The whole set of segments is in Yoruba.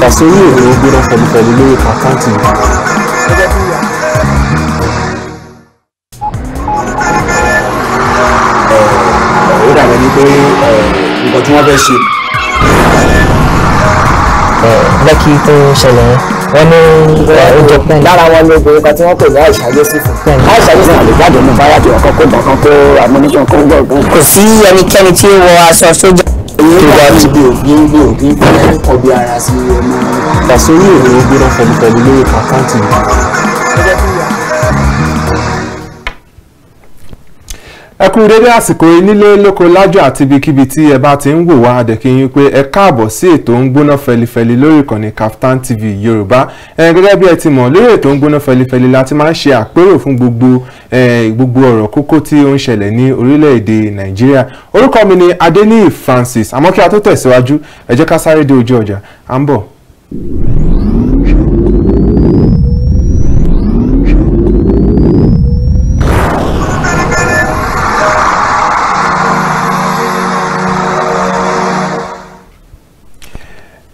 Fàṣọyé èrò gbéra pẹ̀lúpẹ̀lú lórí àkáǹtì mi. ó dàbẹ̀ ni pé nǹkan tí wọ́n fẹ́ ṣe. lẹ́kì tó ṣẹlẹ̀ wọ́n ní ó eh, jọ lára wọn ní obìnrin kan tí wọ́n pè ní àìsàyé sí fún àìsàyé sí àlè jáde ní báyà ọkọ̀ kó bọ̀ kó amúnisàn kó gbọ̀ gbọ̀. kò sí ẹnikẹ́ni tí ó wọ aṣọ sójà tó bá ti bí òfin bí òfin bí ẹnìkan bí ara sí ọmọ. pàṣẹ orí òní gbéra pẹ̀lú pẹ̀lú lórí àkáǹtì yìí. ẹ kú dédé àsìkò nílé lóko lájọ àti ibikíbi tí ẹ bá ti ń wò wá àdẹ̀kíyín pé ẹ káàbọ̀ sí ètò ń gbóná fẹlifẹli lórí ìkànnì Kaftan TV Yorùbá ẹ gẹ́gẹ́ bí ẹ ti mọ̀ lórí ètò ń gbóná fẹlifẹli la ti máa ń ṣe àpérò fún gbogbo gbogbo ọ̀rọ̀ kókó tí ó ń ṣẹlẹ̀ ní orílẹ̀ Nàìjíríà orúkọ mi ni Adeniyi Francis àmọ́ kí a tó tẹ̀síwájú ẹ jẹ́ ká sáré dé ojú ọjà à ń bọ̀.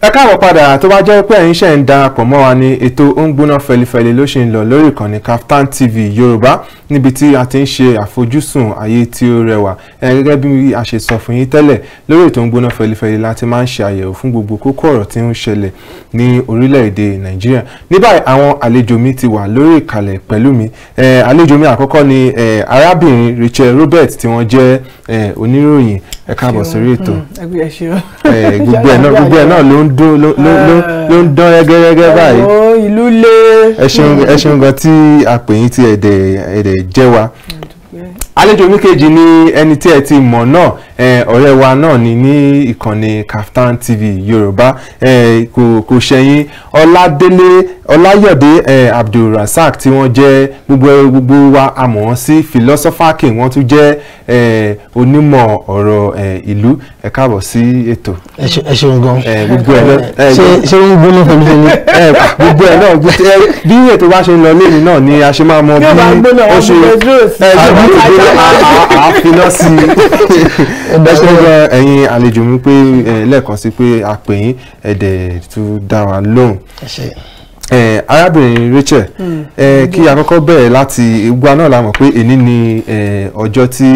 ẹ káàbọ̀ padà tó bá jẹ́ pé ẹ̀yin ṣẹ̀ ń darapọ̀ mọ́ wa ní ètò ó ń gbóná fẹlifẹli ló ṣe ń lọ lórí ìkànnì Kaftan TV Yorùbá níbi tí a ti ń ṣe àfojúsùn ayé tí ó rẹwà ẹ gẹ́gẹ́ bí a ṣe sọ fún yín tẹ́lẹ̀ lórí ètò ó ń gbóná fẹlifẹli la ti máa ń ṣe àyẹ̀wò fún gbogbo kókó ọ̀rọ̀ tí ń ṣẹlẹ̀ ní orílẹ̀-èdè Nàìjíríà ní àwọn àlejò mi ti wà lórí ìkàlẹ̀ pẹ̀lú mi àlejò mi àkọ́kọ́ ni arábìnrin Rachel Roberts tí wọ́n jẹ́ oníròyìn ẹ káàbọ̀ sórí ètò mm, gbogbo ẹ̀ náà ló ń dún ló eh. ń dán rẹ́gẹ́rẹ́gẹ́ báyìí. ẹ̀wọ̀n ìlú le. ẹ ṣeun gan tí àpèyìn tí ẹ̀dẹ̀ ẹ̀dẹ̀ jẹ́ wa. àlejò mi kejì ni ẹni tí ẹ ti mọ̀ náà ọ̀rẹ́ wa náà ni ní ìkànnì Kaftan TV Yorùbá kò ṣẹ̀yìn Ọládélé Ọláyọ̀dé Abdulrasaq tí wọ́n jẹ́ gbogbo gbogbo wa àmọ́ sí fìlọ́sọ́fàkì wọ́n tún jẹ́ onímọ̀ ọ̀rọ̀ ìlú ẹ káàbọ̀ sí ètò. ẹ ṣeun gan. gbogbo ẹ náà ṣe ṣe ń gbóná pẹ̀lú ẹni. gbogbo ẹ náà bí ètò bá ṣe ń lọ lẹ́yìn náà ni a ṣe máa mọ bí ó ṣe àdúgbò àfiná sí i. ẹgbẹ́ ẹ̀yin àlejò mi pé lẹ́ẹ̀kan sí pé a pè yín ẹ̀dẹ̀ tún dá wa lóhùn arábìnrin Rachel hmm. kí àkọ́kọ́ bẹ̀rẹ̀ láti ìgbà náà la mọ̀ pé èní ni ọjọ́ tí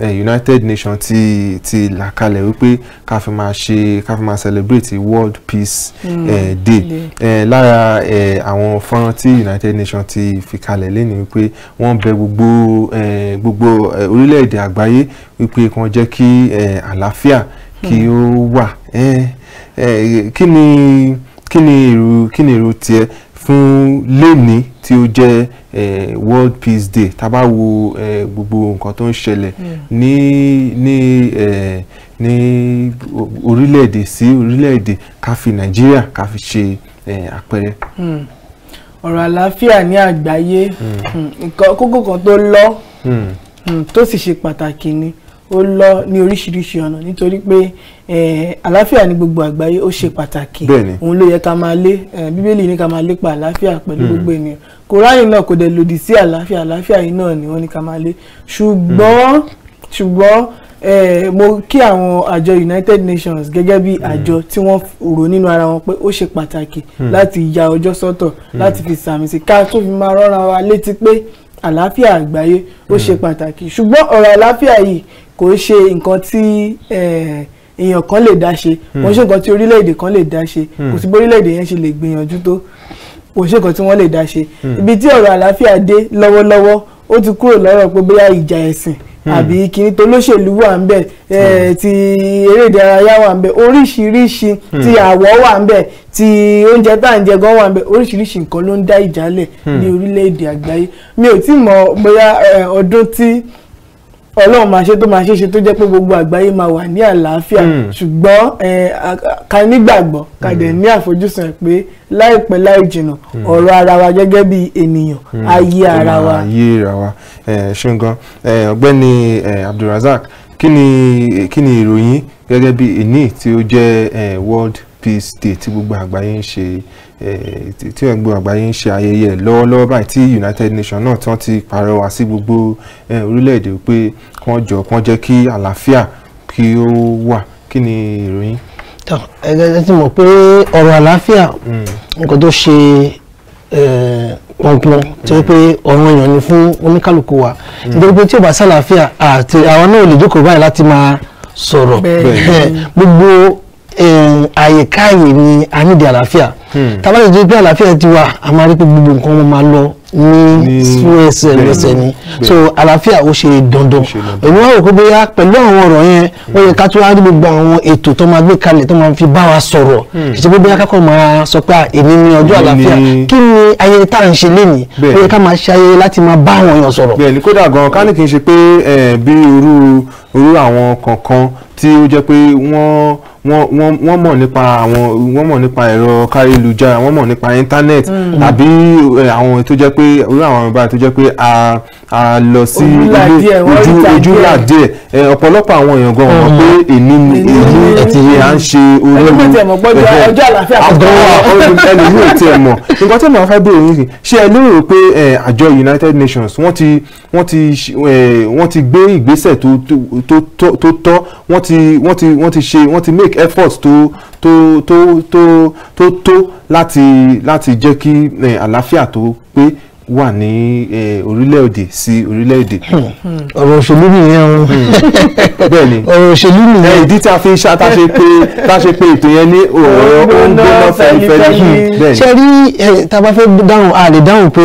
United Nations ti ti là kalẹ̀ wípé ká fi máa ṣe ká fi máa celebrate World Peace hmm. Day lára àwọn fọ́nrán tí United Nations ti fi kalẹ̀ lẹ́nu wípé wọ́n bẹ̀ gbogbo gbogbo orílẹ̀-èdè àgbáyé wípé kàn jẹ́ kí àlàáfíà kí hmm. ó wà kí ni kí ni èrò kí ni èrò tiẹ̀ fún lẹ́ni tí ó jẹ́ World Peace Day tá a bá wo eh, gbogbo nǹkan tó ń ṣẹlẹ̀ hmm. ní ní eh, ní orílẹ̀-èdè sí orílẹ̀-èdè ká fi Nàìjíríà ká fi ṣe eh, àpẹẹrẹ. Hmm. ọ̀rọ̀ àlàáfíà ní àgbáyé hmm. kókó kan tó lọ tó sì ṣe pàtàkì ni. Mm ó lọ ní oríṣiríṣi ọ̀nà nítorí pé àlàáfíà ní gbogbo àgbáyé ó ṣe pàtàkì òun ló yẹ ká máa lé bíbélì ní ká máa lépa àlàáfíà pẹ̀lú hmm. gbogbo ènìyàn kòránì náà kò dẹ̀ lòdì sí àlàáfíà àlàáfíà yìí náà ni wọ́n ní ká máa lé ṣùgbọ́n hmm. ṣùgbọ́n mo kí àwọn àjọ United Nations gẹ́gẹ́ bí hmm. àjọ tí wọ́n rò nínú ara wọn pé ó ṣe pàtàkì láti ya ọjọ́ sọ́tọ̀ láti fi sàmì sí ká tó fi máa rọ́ra wa létí pé àlàáfíà àgbáyé ó ṣe pàtàkì ṣùgbọ́n ọ̀rọ̀ àlàáfíà yìí kò ń ṣe nǹkan tí èèyàn kan lè dá ṣe kò ń hmm. ṣe nǹkan tí orílẹ̀-èdè kan lè dá ṣe kò hmm. sí bí orílẹ̀-èdè yẹn ṣe lè gbìyànjú tó kò ń ṣe nǹkan tí wọ́n lè dá ṣe hmm. ibi tí ọ̀rọ̀ àlàáfíà dé lọ́wọ́lọ́wọ́ ó ti kúrò lọ́rọ̀ pé bóyá ìjà ẹ̀sìn àbí kìíní tó lóṣèlú wà ń bẹ ti eré ìdárayá wà ń bẹ oríṣiríṣi ti àwọ̀ wà ń bẹ ti oúnjẹ tá à ń jẹ gan wà ń bẹ oríṣiríṣi nǹkan ló ń dá ìjálẹ̀ ní orílẹ̀-èdè àgbáyé mi ò tí mọ̀ bóyá ọdún tí ọlọ́run máa ṣe tó máa ṣe ṣe tó jẹ́ pé gbogbo àgbáyé máa wà ní àlàáfíà hmm. ṣùgbọ́n ká nígbàgbọ́ ká dẹ̀ hmm. ní àfojúsùn ẹ̀ pé láìpẹ́ láì jìnnà hmm. ọ̀rọ̀ ara wa gẹ́gẹ́ bí ènìyàn ayé ara wa. ayé ara wa ṣeun gan ọ̀gbẹ́ni Abdulrasaq kí ni kí ni ìròyìn gẹ́gẹ́ bí ẹni tí ó jẹ́ world peace day tí gbogbo àgbáyé ń ṣe Eh, tí ẹ̀ ń gbọ́ àgbáyé ń ṣe ayẹyẹ lọ́wọ́lọ́wọ́ báyìí tí United Nations náà tán ti pàrọwà sí gbogbo eh, orílẹ̀-èdè pé kán jọ kán jẹ́ kí àlàáfíà kí ó wà kí ni ìròyìn. ẹgbẹ́ ti mọ̀ pé ọ̀rọ̀ àlàáfíà hmm. nǹkan tó ṣe eh, pọnpọn tí wọ́n pé hmm. ọ̀ràn èèyàn ni fún oníkálukú wa hmm. nítorí pé tí ò bá sálàáfíà àti àwọn náà ò lè jókòó báyìí láti máa sọ̀rọ̀ àyíká ìwé ni a nídìí àlàáfíà tábà lè jẹ́ pé àlàáfíà ti wà a máa rí pé gbogbo nǹkan wọn máa lọ ní ẹsẹ̀ lẹ́sẹ̀ ni so àlàáfíà ó ṣe dandan èmi wá rò pé bóyá pẹ̀lú àwọn ọ̀rọ̀ yẹn ó hmm. yẹ ká tó wá rí gbogbo àwọn ètò tó máa gbé kalẹ̀ tó máa fi bá wa sọ̀rọ̀ hmm. kì í ṣe pé bóyá kákọ́ máa sọ pé èmi ni ọjọ́ àlàáfíà kí ni ayẹyẹ tá à ń ṣe lénìí ó ká máa ṣe ayẹyẹ láti máa bá àwọn èèyàn sọ̀rọ̀. bẹ́ẹ̀ kódà gan ká ní kí n ṣe pé bí irú irú àwọn kọ̀ọ̀kan tí ó jẹ́ pé wọ́n wọ́n mọ̀ nípa àwọn wọ́n mọ̀ nípa ẹ̀rọ káyélujára wọ́n mọ̀ nípa internet mm. tàbí eh, àwọn tó jẹ́ pé orí àwọn ọmọ báyìí tó jẹ́ pé a a lọ sí ilé ojú ojú là díẹ̀ eh, ọ̀pọ̀lọpọ̀ àwọn èèyàn gan wọ́n pé mm. èmi èmi ẹ̀tì yẹn à ń ṣe orí ẹ̀rọ àgbọ̀n ẹlòmíì ò tiẹ̀ mọ̀ nǹkan tí màá fẹ́ bèèrè yìí ṣé ẹ lérò pé eh, àjọ United Nations wọ́n ti wọ́n ti wọ́n ti gbé ìgbésẹ̀ tó tọ́ wọ́n ti wọ́n ti wọ́n ti ṣe wọ́n ti make make efforts to to to to to to láti láti jẹ́ kí eh, àlàáfíà tó pé wà ní eh, orílẹ̀-èdè sí orílẹ̀-èdè. ọ̀rọ̀ òṣèlú nìyẹn o. Hmm. bẹ́ẹ̀ni ọ̀rọ̀ òṣèlú nìyẹn. Eh, ìdí tí a fi ṣá tá a ṣe pé tá a ṣe pé ètò yẹn ní ọ̀rọ̀ òǹgbóná fẹ́lifẹ́li. ṣe rí tá a bá fẹ́ dáhùn a lè dáhùn pé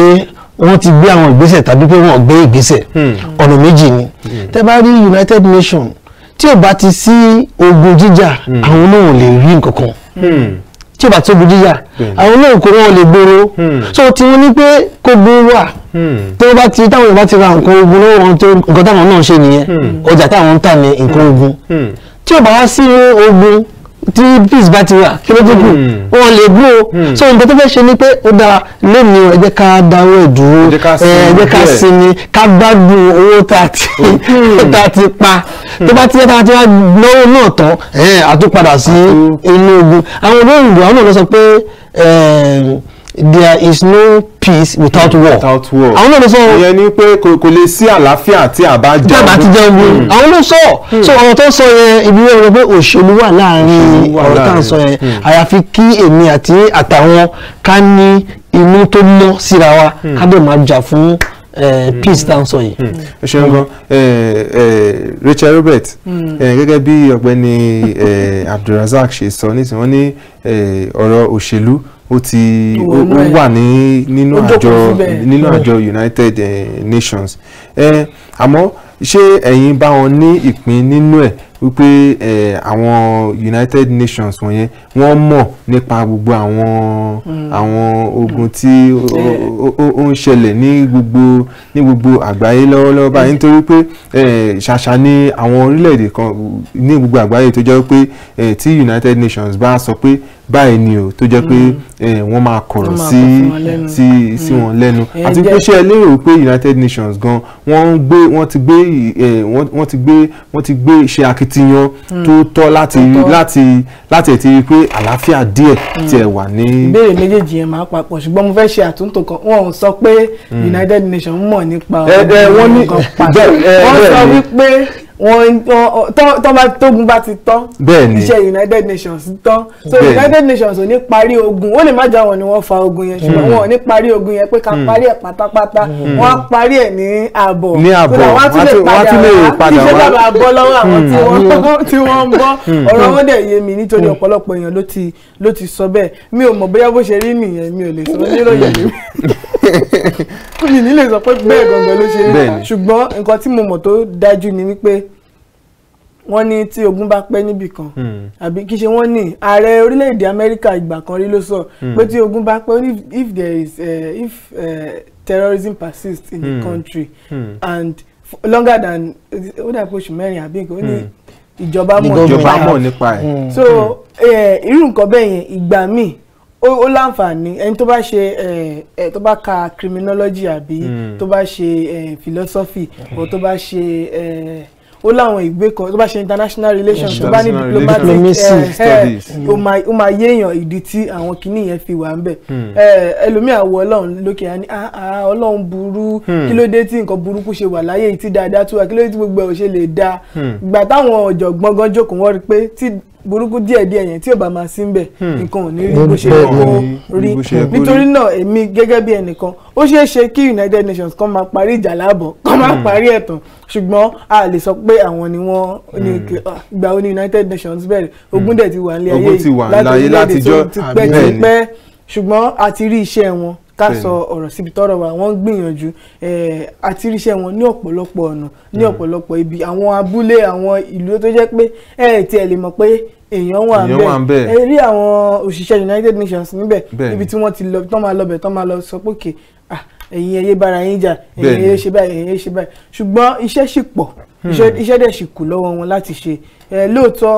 wọ́n ti gbé àwọn ìgbésẹ̀ tàbí pé wọ́n gbé ìgbésẹ̀ hmm. ọ̀nà méjì ni hmm. tẹ́ bá rí United Nations tí ò bá ti sí ogun jíjà hmm. àwọn náà ò lè rí nǹkan kan hmm. tí ò bá ti ogun jíjà hmm. àwọn náà kò wọ́n lè gbòòrò so tí wọ́n ní pé kó gbó wà tó bá ti táwọn ìbá ti ra nǹkan ogun lọ́wọ́ wọn tó nǹkan táwọn náà ṣe nìyẹn ọjà táwọn ń tà ní nǹkan ogun tí ò bá wá sí ogun tí peace bá ti wà kí ló tó kù wọn lè bú o hmm. so nǹkan tó fẹ́ ṣe ni pé ó dára lónìí ẹ jẹ́ ká dáwọ́ ẹ̀ dúró ẹ jẹ́ ká sinmi ká gbádùn owó tá a ti hmm. pa hmm. tó bá ti yẹ tá a ti wá lọ́wọ́ náà tán àtúpadà sí inú ogun àwọn olóyìnbó àwọn náà lọ sọ pé there is no peace without war. without war àwọn náà ló sọ. ìyẹn ni pé kò lè sí àlàáfíà tí a bá ti jẹun bí hmm. àwọn ló sọ. Hmm. so ọ̀rọ̀ tó sọ yẹn ibi wọ́n rọ pé òṣèlú wà láàrin ọ̀rọ̀ tá ń sọ yẹn hmm. àyàfi kí èmi àti àtàwọn ká ní inú tó mọ́ síra wa ká dẹ̀ máa jà fún Eh, peace tá à ń sọ yìí. ẹ ṣeun eh, eh, Rachel Robert hmm. gẹ́gẹ́ bí ọ̀gbẹ́ni Abdulrasaq ṣe sọ nísìnyí wọ́n ní ọ̀rọ̀ òṣèlú ó ti ó wà ní nínú àjọ nínú hmm. àjọ United Nations àmọ́ ṣé ẹ̀yin bá wọn ní ìpín nínú ẹ̀ wípé àwọn United Nations wọ̀nyẹn wọ́n mọ̀ nípa gbogbo àwọn hmm. àwọn ogun tí ó ń ṣẹlẹ̀ ní gbogbo ní gbogbo àgbáyé lọ́wọ́lọ́wọ́ báyìí nítorí pé ṣàṣà ni àwọn orílẹ̀-èdè kan ní gbogbo àgbáyé tó jẹ́ pé tí United Nations bá sọ pé báyìí ni o tó jẹ́ pé mm. wọ́n máa kọ̀rọ̀ sí sí mm. wọn lẹ́nu àti pé ṣé ẹ lérò pé United Nations gan wọ́n gbé wọ́n ti gbé wọ́n ti gbé wọ́n ti gbé ṣe akitiyan mm. tó tọ́ láti láti láti ẹ̀ ti rí pé àlàáfíà díẹ̀ ti ẹ̀ wà ní. ìbéèrè méjèèjì yẹn máa papọ̀ ṣùgbọ́n mo fẹ́ ṣe àtúntò kan wọn ò sọ pé United Nations mọ̀ nípa ọ̀gbìn kan pàtó wọ́n sọ wípé wọn tógun bá ti tán iṣẹ́ United Nations tán so United Nations ò ní parí ogun ó lè má jẹ́ àwọn ni wọ́n fa ogun yẹn ṣùgbọ́n hmm. wọn ò ní parí ogun yẹn pé ká hmm. parí ẹ̀ pátápátá hmm. wọ́n á parí ẹ̀ ní àbọ̀ ní àbọ̀ wọ́n á tún lè padà wá iṣẹ́ bàbá àbọ̀ lọ́wọ́ àwọn tí wọ́n ń bọ́ ọ̀rọ̀ wọn dẹ̀ yé mi nítorí ọ̀pọ̀lọpọ̀ èèyàn ló ti sọ bẹ́ẹ̀ mi ò mọ̀ bóyá bó ṣe rí nìyẹn mi ò lè sọ nílò yẹn mi nílè sọ pé bẹ́ẹ̀ gangan ló ṣe rí ṣùgbọ́n nǹkan tí mo mọ̀ tó dájú ni wípé wọ́n ní tí ogun bá pẹ́ níbì kan hmm. àbí kí ṣe wọ́n ní ààrẹ orílẹ̀-èdè amẹ́ríkà ìgbà kan rí ló sọ hmm. pé tí ogun bá pẹ́ if there is uh, if uh, terrorism persists in the hmm. country and longer than ó dà pé oṣù mẹ́rin àbí nǹkan ó ní ìjọba mọ̀ nípa ẹ̀ so eh, irú nǹkan bẹ́ẹ̀ yẹn ìgbà míì ó láǹfààní ẹni tó bá ṣe ẹ tó bá ka criminology àbí hmm. tó bá ṣe philosophy hmm. or tó bá ṣe ó láwọn ìgbé kan tó bá ṣe international relations tó bá ní diplomatic studies ó máa yéèyàn ìdí tí àwọn kinní yẹn fi wà ń bẹ̀ hmm. ẹlòmíà wọ ọlọ́run lókè á ní ah, ah, ọlọ́run burú kí ló dé tí nǹkan burúkú ṣe wà láyé tí dáadáa tó wà kí ló dé tí gbogbo ẹ̀ ò ṣe lè dáa gbà táwọn ọ̀jọ̀gbọ́n jókòó wọ́n rí pé tí burúkú díẹ̀ díẹ̀ yẹn tí ò bá máa sí nbẹ̀ hmm. nǹkan ò ní rí bó ṣe kó rí nítorí náà èmi gẹ́gẹ́ bí ẹnìkan ó ṣeé ṣe kí United Nations kan máa parí ìjà láàbọ̀ kan máa hmm. parí ẹ̀tàn ṣùgbọ́n a lè sọ pé àwọn ni wọ́n ní hmm. ah, ìgbà wo ni United Nations bẹ̀rẹ̀ ogun dẹ̀ ti wà nílé ayé yìí láti orílẹ̀-èdè tó ti ah, pẹ́ ti pẹ́ ṣùgbọ́n a ti rí iṣẹ́ wọn ká sọ ọ̀rọ̀ síbi tọ́rọ̀ wà wọ́n ń gbìyànjú àti ríṣẹ́ wọn ní ọ̀pọ̀lọpọ̀ ọ̀nà ní hmm. ọ̀pọ̀lọpọ̀ ibi àwọn abúlé àwọn ìlú tó jẹ́ pé ẹ̀ tiẹ̀ lè mọ̀ pé èèyàn wà ń bẹ ẹ rí àwọn òṣìṣẹ́ United Nations níbẹ̀ níbi tí wọ́n ti lọ tán máa lọbẹ̀ tán máa lọ sọ pé òkè ẹ̀yin ẹyẹ bára yín jà ẹ̀yin ẹyẹ ṣe báyìí ẹ̀yin ẹyẹ ṣe báyìí ṣùgbọ́n iṣẹ́ sì pọ̀ iṣẹ́ hmm. dẹ̀ sì kù lọ́wọ́ wọn láti ṣe lóòótọ́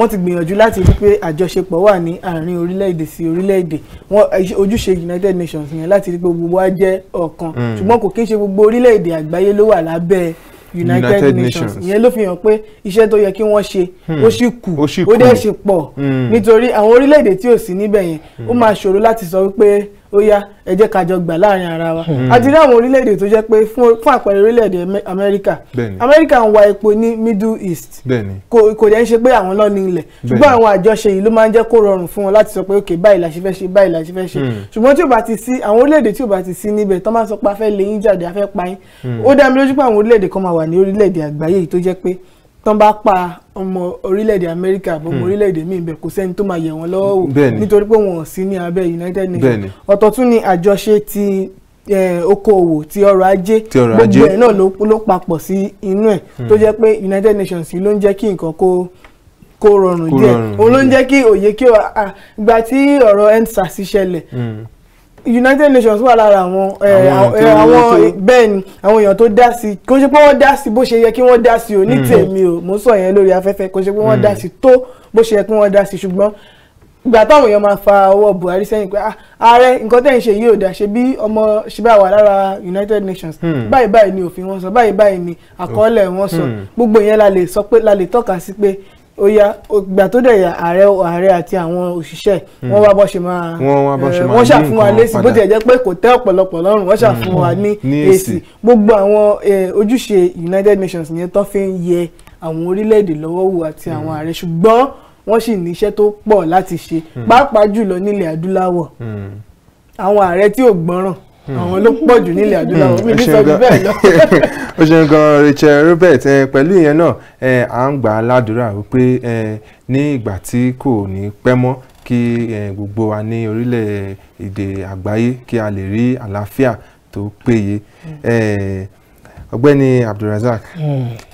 wọ́n ti gbìyànjú láti rí pé àjọṣepọ̀ wà ní àárín orílẹ̀-èdè sí orílẹ̀-èdè wọn ojúṣe United Nations yẹn láti rí pé gbogbo wa jẹ́ ọ̀kan hmm. ṣùgbọ́n kò kí ń ṣe gbogbo orílẹ̀-èdè àgbáyé ló wà lábẹ́ United, Nations ìyẹn ló fi hàn pé iṣẹ́ tó yẹ kí wọ́n ṣe hmm. ó sì kù ó dẹ̀ ṣe pọ̀ hmm. nítorí àwọn orílẹ̀-èdè tí ò sí níbẹ̀ yẹn ó máa ṣòro láti sọ wípé ó yá ẹ jẹ́ ká jọ gbà láàrin ara wa hmm. a ti rí àwọn orílẹ̀-èdè tó jẹ́ pé fún àpẹẹrẹ orílẹ̀-èdè amẹ́ríkà amẹ́ríkà ń wa epo ní middle east kò dẹ̀ ń ṣe pé àwọn lọ́ni ilẹ̀ ṣùgbọ́n àwọn àjọṣe yìí ló máa ń jẹ́ kó rọrùn fún wọn láti sọ pé ok báyìí la ṣe fẹ́ ṣe báyìí la ṣe fẹ́ ṣe hmm. ṣùgbọ́n tí ò bá ti sí àwọn orílẹ̀-èdè tí ò bá ti sí níbẹ̀ tó máa sọ pé a fẹ́ lé yín jáde tán bá pa ọmọ orílẹ̀-èdè amẹ́ríkà àbọ̀ ọmọ hmm. orílẹ̀-èdè míì bẹ̀ kò sẹ́ni tó máa yẹ̀ wọ́n lọ́wọ́ wò nítorí pé wọn sí ní abẹ́ united nations ọ̀tọ̀ ni àjọṣe ti okòòwò ti ọrọ̀ ajé gbogbo ẹ̀ náà ló papọ̀ sí inú ẹ̀ hmm. tó jẹ́ pé united nations ló ń jẹ́ kí nǹkan kó kó rọrùn díẹ̀ òun ló ń jẹ́ kí òye kí ìgbà tí ọ̀rọ̀ endsars ṣẹlẹ̀ hmm. United Nations wà lára àwọn eh, àwọn eh, bẹ́ẹ̀ ni àwọn èèyàn tó dá sí kò ṣe pé wọ́n dá sí bó ṣe yẹ kí wọ́n dá sí o ní hmm. tèmi o mo sọ yẹn lórí afẹ́fẹ́ kò ṣe pé wọ́n dá hmm. sí tó bó ṣe yẹ kí wọ́n dá sí ṣùgbọ́n ìgbà táwọn èèyàn máa fa ọwọ́ Buhari sẹ́yìn pé ah, ààrẹ nǹkan tẹ́ ń ṣe yìí ò dá ṣe bí ọmọ ṣe bá wà lára United Nations hmm. báyìí báyìí ni òfin wọn sọ báyìí báyìí ni àkọọ́lẹ̀ wọn sọ gbogbo yẹn la lè sọ pé la lè tọ́ka sí pé ó yá ìgbà tó dẹ̀ yà ààrẹ ààrẹ àti àwọn òṣìṣẹ́ hmm. wọ́n wá bọ́ ṣe máa wọ́n eh, ṣàfún wa lésì bó tiẹ̀ jẹ́ pé kò tẹ́ ọ̀pọ̀lọpọ̀ lọ́rùn wọ́n ṣàfún hmm. wa ní èsì gbogbo àwọn eh, ojúṣe United Nations yẹn tó fi ń yẹ àwọn orílẹ̀-èdè lọ́wọ́ wò àti hmm. àwọn ààrẹ ṣùgbọ́n wọ́n sì ní iṣẹ́ tó pọ̀ láti ṣe pàápàá jùlọ nílẹ̀ adúláwọ̀ àwọn ààrẹ tí ò gbọ́ràn Hmm. àwọn ló pọ̀ jù nílẹ̀ adúláwọ̀ hmm. hmm. mi ní sọ jù bẹ́ẹ̀ lọ. o ṣeun gan Rachel Robert eh, pẹ̀lú ìyẹn náà eh, à ń gbà á ládùúrà wípé eh, ní ìgbà tí kò ní pẹ́ mọ́ kí gbogbo wa ní orílẹ̀-èdè àgbáyé kí a lè rí àlàáfíà tó péye ọ̀gbẹ́ni Abdulrasaq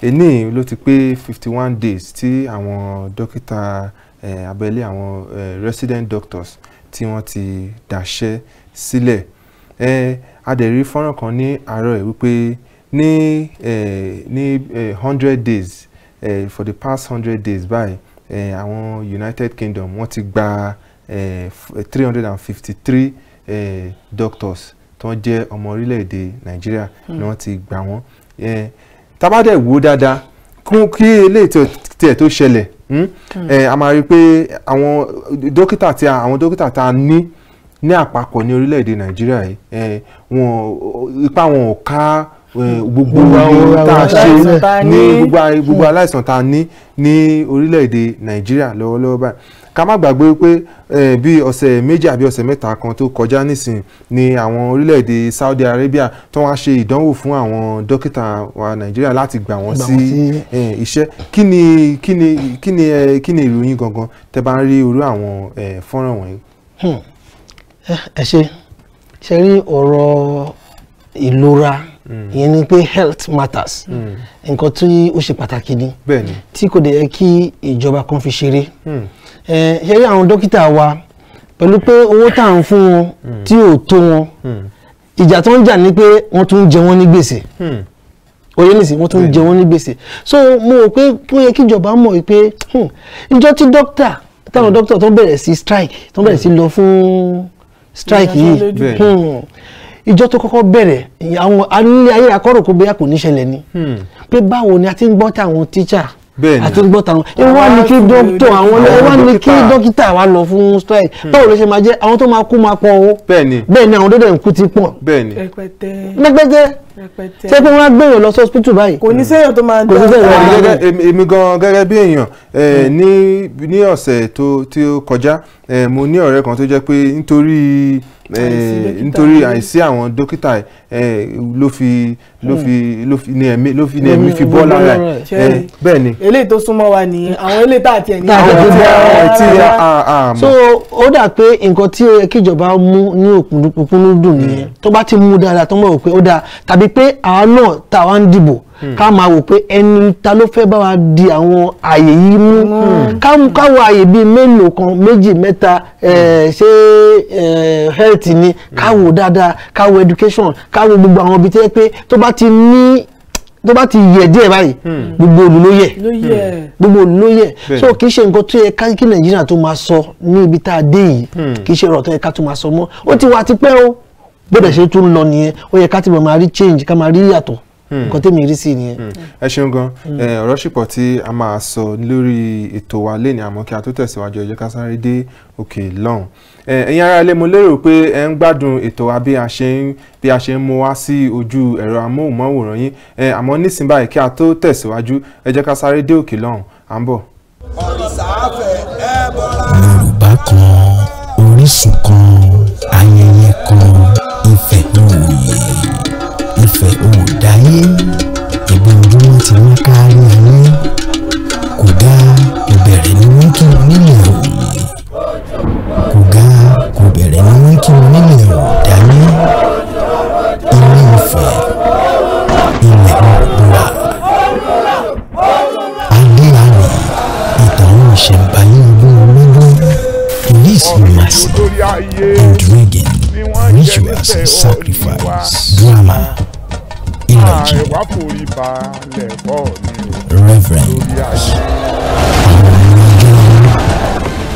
ení ló ti pé fifty one days tí àwọn dókítà abẹ́lé àwọn resident doctors tí wọ́n ti dáṣẹ́ sílẹ̀. Si a dẹ̀ rí fọ́nrán kan ní àárọ̀ ẹ̀ wípé ní ní hundred days uh, for the past hundred days báyìí àwọn United Kingdom wọ́n ti gba three hundred and fifty three doctors tó ń jẹ́ ọmọ orílẹ̀-èdè Nàìjíríà ni wọ́n ti gbà wọ́n tá bá dẹ̀ wò dáadáa kún kí eléyìí tiẹ̀ tó ṣẹlẹ̀ hmm? Hmm. a máa rí i pé àwọn dókítà tí a àwọn dókítà tá a ní ní àpapọ̀ ní orílẹ̀-èdè nàìjíríà yìí wọn ipa wọn ò ká gbogbo tá a ṣe ní gbogbo aláìsàn tá a ní ní orílẹ̀-èdè nàìjíríà lọ́wọ́lọ́wọ́ báyìí ká má gbàgbé pé bí ọ̀sẹ̀ méjì àbí ọ̀sẹ̀ mẹ́ta kan tó kọjá nísìn ni àwọn orílẹ̀-èdè Saudi Arabia tó wá ṣe ìdánwò fún àwọn dókítà wa Nàìjíríà láti gbà wọ́n sí iṣẹ́ kí ni kí ni kí ni ìròyìn gangan tẹ́ bá ń rí irú àwọn fọ́nrán wọ̀nyí. Hmm. Eh, ẹ ṣe ṣe rí ọ̀rọ̀ ìlera hmm. ìyẹn ni pé health matters hmm. nǹkan tí ó ṣe pàtàkì ni tí kò dẹ̀ yẹ kí ìjọba kan fi ṣeré hmm. eh, ṣe rí àwọn dókítà wa pẹ̀lú pé owó tá à ń fún wọn tí ò tó wọn ìjà tó ń jà ni pé wọ́n tún jẹ wọ́n ní gbèsè òye nìsí wọ́n tún jẹ wọ́n ní gbèsè so mo rò pé ó yẹ kí ìjọba mọ̀ pé ìjọ tí dókítà táwọn dókítà tó bẹ̀rẹ̀ sí strike tó bẹ̀rẹ̀ sí lọ fún strike yìí hmm. ìjọ tó kọ́kọ́ bẹ̀rẹ̀ àwọn anílé ayé akọ́rò kó bóyá kò ní ṣẹlẹ̀ ni hmm. pé báwo ni a ti ń gbọ́ táwọn tíṣà àti gbọ́ táwọn ẹ wá ní kí dókítà àwọn ẹ wá ní kí dókítà wa lọ fún strike hmm. báwo ló ṣe máa jẹ́ àwọn tó máa kú máa pọ̀ o bẹ́ẹ̀ ni àwọn tó dẹ̀ ń kú ti pọ̀ rẹpẹtẹ ṣé pé wọ́n á gbèrò lọ sọ́sítù báyìí. kò ní sẹ́yìn tó máa dá ọ̀rọ̀ èmi gan gẹ́gẹ́ bí èèyàn hmm. ní ọ̀sẹ̀ tí ó kọjá mo ní ọ̀rẹ́ kan tó jẹ́ pé nítorí nítorí àìsí àwọn dókítà ló fi ló hmm. fi ló fi ní ẹ̀mí ló hmm. fi bọ́ lára ẹ̀ bẹ́ẹ̀ ni. eléyìí tó súnmọ́ wa nìyẹn àwọn eléyìí tá àti ẹ̀yìn. àwọn tó bá ti àmọ́. so ó dà pé nǹkan tí ó yẹ kíjọba mú ní òkúnkúndùn nìyẹn tó bá ti mú dáadáa tó mọ̀ pé ó dáa tàbí àfi pé àánú tàwa ń dìbò hmm. ká máa wò pé ẹni ta ló fẹ́ bá wa di àwọn àyè yìí mú hmm. káwọ àyè bíi mélòó kan méjì mẹ́ta hmm. ṣé health ni káwọ dáadáa káwọ education káwọ gbogbo àwọn ibi tẹ́ pé tó bá ti ní tó bá ti yẹ díẹ̀ báyìí gbogbo olù ló yẹ gbogbo olù ló yẹ so kì í ṣe nǹkan tó yẹ ká kí nàìjíríà tó máa sọ ní ibi tá a dé yìí kì í ṣe ọ̀rọ̀ tó yẹ ká tó máa sọ mọ́ ó ti wà tipẹ́ o bóde ṣe tún lọ nìyẹn ó yẹ ká ti mọ̀ máa rí change ká máa rí yàtọ̀ hmm. nǹkan tèmi rí sí nìyẹn. Hmm. ẹ ṣeun gan hmm. ọ̀rọ̀ ṣìpọ̀ tí a máa sọ lórí ètò wa lẹ́ni àmọ́ kí a tó tẹ̀síwájú ẹ jẹ́ ká sáré dé òkè lọ́hùn. ẹ̀yin ará ilé mo lérò pé ẹ ń gbádùn ètò wa bí a ṣe ń bí a ṣe ń mú wá sí ojú ẹ̀rọ amóhùnmáwòrán yín àmọ́ nísìnyí báyìí kí a tó tẹ̀síwájú ẹ ká sáré dé òkè lọ́hùn à ń bọ̀. Yorùbá kan orísun kan ayẹyẹ kan ìfẹ́ òòdáyé ẹ̀bí ojúmọ́ ti wọ́n kárí ayé kò dá kò bẹ̀rẹ̀ ní wọ́n kí wọn nílẹ̀ òòyì kò ga kò bẹ̀rẹ̀ ní wọ́n kí wọn nílẹ̀ òòdáyé ilé Ifẹ̀ ilẹ̀ òòdúrà adé àrùn ìtàn ìṣẹ̀ǹbáyé ọdún ọlọ́dún ìlú ìsinmi àsìkò and reggae rituals and sacrifice, drama, energy, reverence,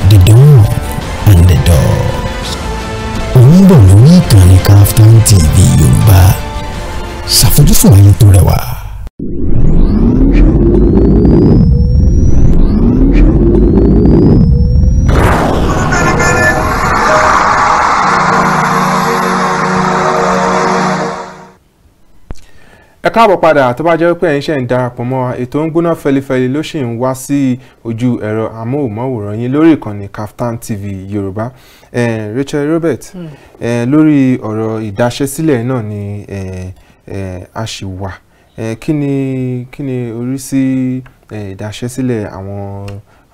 the door and the doors. Oníbọ̀ lórí ìkànnì Kaftan TV Yorùbá. Ṣàfojúsùn ayé tó rẹwà. ẹ káàbọ̀ padà tó bá jẹ́ pé ẹ̀yin ṣe ń darapọ̀ mọ́ wa ètò ń gbóná fẹlifẹli ló sì ń wá sí ojú ẹ̀rọ amóhùnmáwòrán yín lórí ìkànnì Kaftan TV Yorùbá Rachel Robert hmm. lórí ọ̀rọ̀ ìdáṣẹ́sílẹ̀ náà ni a ṣì wà kí ni kí ni orí sí ìdáṣẹ́sílẹ̀ àwọn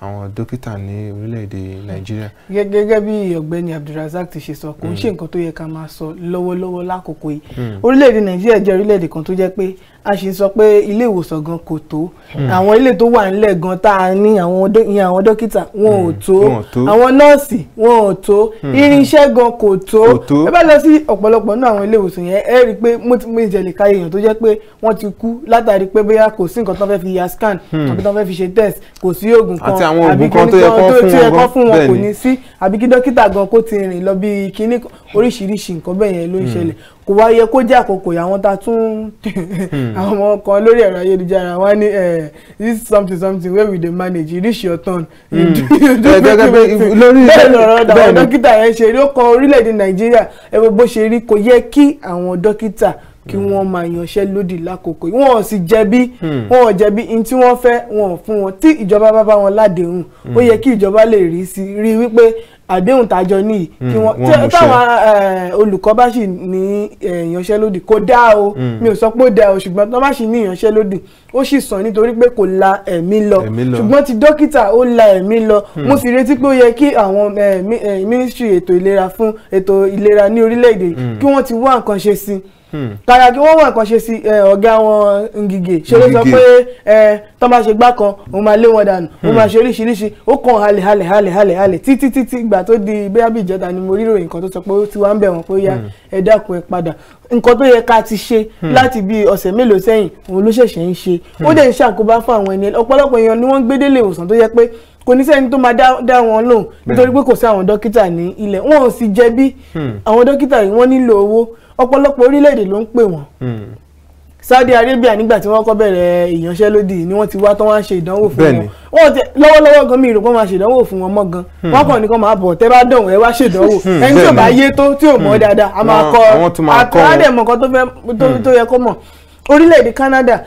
àwọn dókítà ní orílẹ̀-èdè nàìjíríà. gẹ́gẹ́ bí ọ̀gbẹ́ni abdulrasaq ti ṣe sọ kò ń mm. ṣe nǹkan tó yẹ ká máa sọ lọ́wọ́lọ́wọ́ lákòókò yìí mm. orílẹ̀-èdè nàìjíríà jẹ́ orílẹ̀-èdè kan tó jẹ́ pé a ṣe sọ pé ilé ìwòsàn gan kò tó hmm. àwọn ilé tó wà nílẹ̀ gan tá a ní àwọn dókítà hmm. wọn ò tó àwọn nọ́ọ̀sì wọn ò tó hmm. irinṣẹ́ gan kò tó ẹ bá lọ sí ọ̀pọ̀lọpọ̀ náà àwọn ilé ìwòsàn yẹn ẹ rí i pé mo ti mo ìjẹ̀lẹ̀ ka èèyàn tó jẹ́ pé wọ́n ti kú látàrí pé bóyá kò sí nǹkan tó fẹ́ fi ya scan tàbí tó fẹ́ fi ṣe test kò sí oògùn kan àti àwọn oògùn kan tó yẹ kó fún wọn kò ní sí àbí kí dókítà gan kó ti rìn lọ bí kíní oríṣiríṣi nǹkan bẹ́ẹ̀ yẹn ló ń ṣẹlẹ̀ kò wá yẹ kó jẹ́ àkókò àwọn tá a tún hmm. àwọn ọmọ kan lórí ẹ̀rọ ayélujára wọ́n ní eh, this is something something wey we dey manage you reach your turn. Hmm. bẹ́ẹ̀ lọ̀rọ̀ àwọn dókítà yẹn ṣe rí ó kan orílẹ̀-èdè nàìjíríà ẹ bó ṣe rí kò yẹ kí àwọn dókítà kí hmm. wọ́n máa yanṣẹ́ lódì lákòókò wọn ò sì jẹ̀bi wọn ò jẹ̀bi in tí wọ́n fẹ́ wọn ò fún wọn tí ìjọba bá bá wọn ládéhùn ó yẹ kí ìjọba lè rí sí rí wípé àdéhùn tàjọ níyì kí hmm, wọ́n táwọn olùkọ́ bá sì ní ìyanṣẹ́lódì kò dáa o hmm. mi ò sọ pé ó dáa o ṣùgbọ́n tó bá sì ní ìyanṣẹ́lódì ó sì sàn nítorí pé kò la ẹ̀mí lọ ṣùgbọ́n ti dókítà ó la ẹ̀mí lọ hmm. mo sì retí pé ó yẹ kí àwọn ministry ètò ìlera fún ètò ìlera ní orílẹ̀-èdè kí wọ́n ti wá nǹkan ṣe sí i kàkà kí wọ́n wọ̀ nǹkan ṣe sí eh, ọ̀gá wọn Ngige ṣe ló sọ pé eh, tọ́ bá ṣe gbá kan òun máa lé wọn dànù òun máa hmm. ṣe oríṣiríṣi ó kàn halẹ̀ halẹ̀ halẹ̀ halẹ̀ halẹ̀ títí títí ìgbà tó di bóyá bí ìjẹta ni mo rí ìròyìn kan tó sọ pé ó ti wá ń bẹ̀ wọ́n pé ó yá hmm. ẹ dákun ẹ padà nǹkan tó yẹ ká ti ṣe hmm. láti bí ọ̀sẹ̀ mélòó sẹ́yìn òun ló ṣẹ̀ṣẹ̀ ń ṣe ó dẹ̀ ń ṣàkóbá fún àwọn ẹni ọ̀pọ̀lọpọ̀ èèyàn ni wọ́n ń gbé délé ìwòsàn tó yẹ pé kò ní sẹ́ni tó máa dá wọn lóhùn nítorí pé kò sí àwọn dókítà ní ilẹ̀ wọn ò sì jẹ̀bi hmm. àwọn dókítà yìí wọ́n nílò owó ọ̀pọ̀lọpọ̀ orílẹ̀-èdè ló ń pè wọ́n hmm. Saudi Arabia nígbà tí wọ́n kọ́ bẹ̀rẹ̀ ìyanṣẹ́lódì ni wọ́n ti wá tán wá ṣe ìdánwò fún wọn wọ́n ti lọ́wọ́lọ́wọ́ gan mi ìròpọ̀ máa ṣèdánwò fún wọn mọ́ gan hmm. wọ́n kàn ní kàn máa bọ̀ tẹ́ bá dánwò ẹ wá ṣèdánwò ẹni tí ò bá yé tó tí ò mọ̀ dáadáa a máa kọ́ àtàládẹ̀mọ̀kan tó yẹ kó mọ̀ orílẹ̀-èdè Canada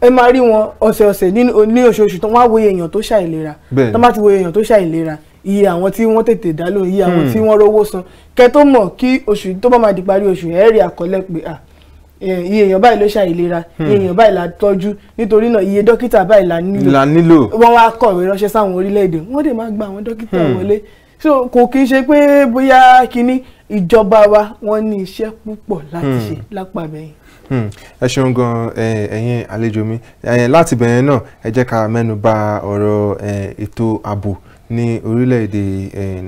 ẹ máa rí wọn ọ̀sẹ̀ọ̀sẹ̀ ní oṣooṣù tó wá wòye èèyàn tó ṣàìlera tó bá ti wòye èèyàn tó ṣàìlera iye àwọn tí wọ́n tètè dá lóhùn iye àwọn hmm. tí wọ́n rówó san kẹ tó mọ̀ kí oṣù tó bá máa di parí oṣù ẹ̀ rí àkọlẹ̀ pé à iye èèyàn báyìí ló ṣàìlera hmm. iye èèyàn báyìí la tọ́jú nítorí náà iye dókítà báyìí la nílò wọ́n wá kọ̀wé ránṣẹ́ sáwọn orílẹ̀-èdè wọ́n dè máa gba àwọn dókítà hmm. wọlé so kò kí n ṣe pé bóyá kínní ìjọba wa wọ́n ní iṣẹ́ púpọ̀ láti ṣe lápá bẹ́yìn. Hmm. ẹ ṣeun gan ẹ̀yin àlejò mi láti bẹ̀rẹ̀ náà ẹ jẹ́ ká mẹ́nu bà ọ̀rọ̀ ètò ààbò ní orílẹ̀-èdè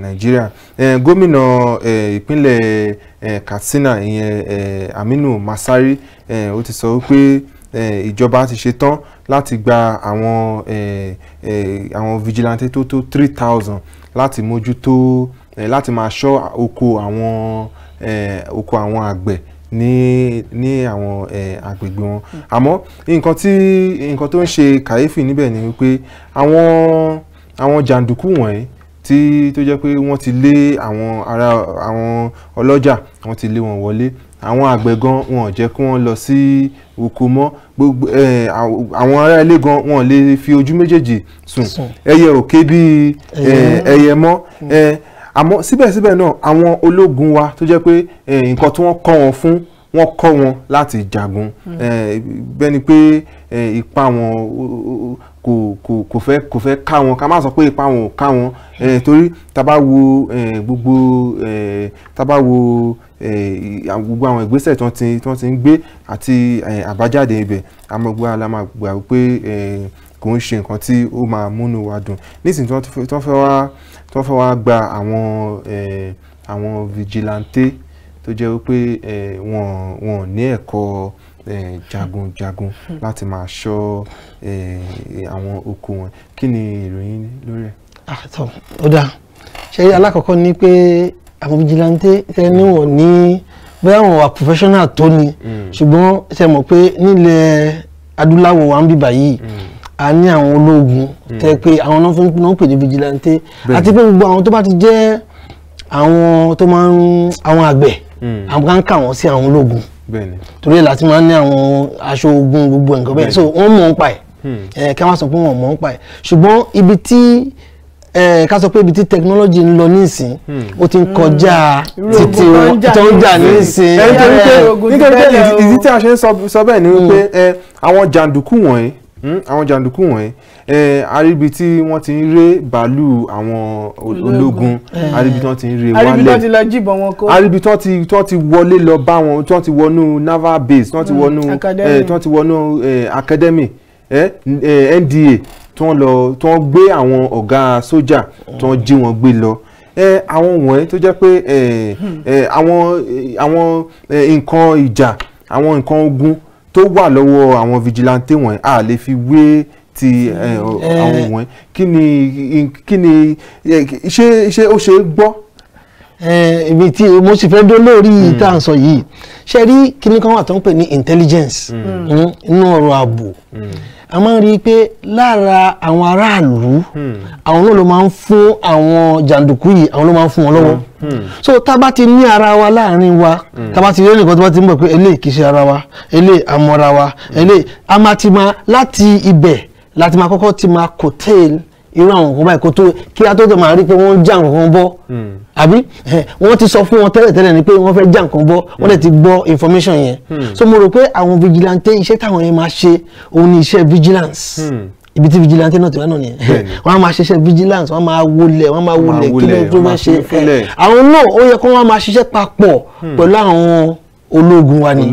nàìjíríà gómìnà ìpínlẹ̀ katsina ìyẹn aminu masari ó ti sọ pé ìjọba ti ṣe tán láti gba àwọn àwọn vigilante tó tó three thousand láti mójútó láti máa ṣọ́ oko àwọn oko àwọn àgbẹ̀ ní ní àwọn agbègbè wọn hmm. àmọ́ nǹkan tí nǹkan tó ń ṣe kàyéfì níbẹ̀ ni wípé àwọn àwọn jàǹdùkú wọ̀nyí tí tó jẹ́ pé wọ́n ti lé àwọn ará àwọn ọlọ́jà wọ́n ti lé wọn wọlé àwọn àgbẹ̀ gan wọn ò jẹ́ kí wọ́n lọ sí oko mọ́ gbogbo àwọn ará ilé gan wọn ò lè fi ojú méjèèjì sùn ẹyẹ ò ké ẹyẹ mọ́ hmm àmọ́ síbẹ̀síbẹ̀ náà àwọn ológun wa tó jẹ́ pé eh, nǹkan tí wọ́n kọ́ wọn fún wọ́n kọ́ wọn láti jagun hmm. eh, bẹ́ẹ̀ ni pé eh, ipa wọn kò kò kò fẹ́ kò fẹ́ ká wọn ká má sọ pé ipa wọn ò ká wọn torí tábà wo gbogbo tábà wo gbogbo àwọn ìgbésẹ̀ tí wọ́n ti ń gbé àti àbájáde ibẹ̀ àmọ́ gbogbo alámàgbà pé kò ń ṣe nǹkan tí ó máa múnú wa dùn nísìnyí tí wọ́n fẹ́ wá tó fẹ́ wá gba àwọn àwọn vigilante tó jẹ́ wípé wọn wọn ní ẹ̀kọ́ jagunjagun láti máa ṣọ́ àwọn oko wọn kí ni ìròyìn lórí ẹ̀. àtọ̀ ah, ó dáa ṣe alákọ̀ọ́kọ́ ni pé àwọn vigilante tẹ́ níwọ̀n ní bẹ́ẹ̀ wọn wà professional tó ni mm. ṣùgbọ́n ṣe mọ̀ pé nílẹ̀ adúláwọ̀ wa ń bíbà yìí. Mm a ní àwọn ológun hmm. tẹ́ pé àwọn náà fún náà pè ní vigilante àti pé gbogbo àwọn tó bá ti jẹ́ àwọn tó máa ń àwọn àgbẹ̀ hmm. àwọn kan kà wọ́n sí àwọn ológun torí ẹ̀ láti máa ń ní àwọn aṣọ ogun gbogbo nǹkan bẹ́ẹ̀ so wọ́n mọ̀ ń pa hmm. ẹ̀ ká má sọ pé wọ́n mọ̀ ń pa ẹ̀ ṣùgbọ́n ibi tí ẹ ká sọ pé ibi tí technology ń lọ nísìn ó ti ń kọjá títí tó ń jà nísìn. nítorí pé nítorí pé ìdí tí a ṣe ń sọ bẹ́ẹ̀ ni wípé àwọn jàǹdùkú wọ̀nyí àwọn jàǹdùkú wọ̀nyí àríbi tí wọ́n ti ń ré bàálù àwọn ológun àríbi tí wọ́n ti ń ré wálẹ̀ àríbi tí wọ́n ti lọ jíbọn wọn kó àríbi tí wọ́n ti wọlé lọ bá wọn tí wọ́n ti wọnú naval base tí wọ́n ti wọnú tí wọ́n ti wọnú academy NDA tí wọ́n lọ tí wọ́n gbé àwọn ọ̀gá sójà tí wọ́n jí wọn gbé lọ àwọn wọ̀nyí tó jẹ́ pé àwọn nǹkan ìjà àwọn nǹkan ogun tó wà lọ́wọ́ àwọn vigilante wọ̀nyí a lè fi wé ti àwọn wọ̀nyí kí ni kí ni ṣé ṣé ó ṣe é gbọ́. ibi tí mo sì fẹ́ dó lórí hmm. tá à ń sọ yìí ṣe rí kíní kan wà tó ń pè ní intelligence nínú hmm. hmm, ọ̀rọ̀ ààbò a máa ń rí i pé lára àwọn aráàlú àwọn náà ló máa ń fún àwọn jàǹdùkú yìí àwọn ló máa ń fún wọn lọ́wọ́. Mm so tá a bá ti ní ara wa láàrin wa tá a bá ti rí ẹnìkan tó bá ti ń bọ̀ pé eléyìí kì ṣe ara wa eléyìí amọ̀ra wa eléyìí a máa ti máa láti ibẹ̀ láti máa kọ́kọ́ ti máa curtail irú àwọn nǹkan báyìí kó tó kí a tó tó máa rí pé wọ́n ń já nǹkan bọ́ hmm. àbí wọ́n ti sọ fún wọn tẹ́lẹ̀ tẹ́lẹ̀ ni pé wọ́n fẹ́ já nǹkan bọ́ wọ́n dẹ̀ ti gbọ́ information yẹn hmm. so mo rò pé àwọn vigilante iṣẹ́ táwọn yẹn máa ṣe òun ni iṣẹ́ vigilance. Mm ibi tí vigilante náà ti wá náà nìyẹn wọn a máa ṣiṣẹ́ vigilance wọn máa wọlé wọn máa wọlé kí ló tó máa ṣe àwọn náà ó yẹ kó wọn máa ṣiṣẹ́ papọ̀ hmm. pẹ̀lú àwọn ológun wa ni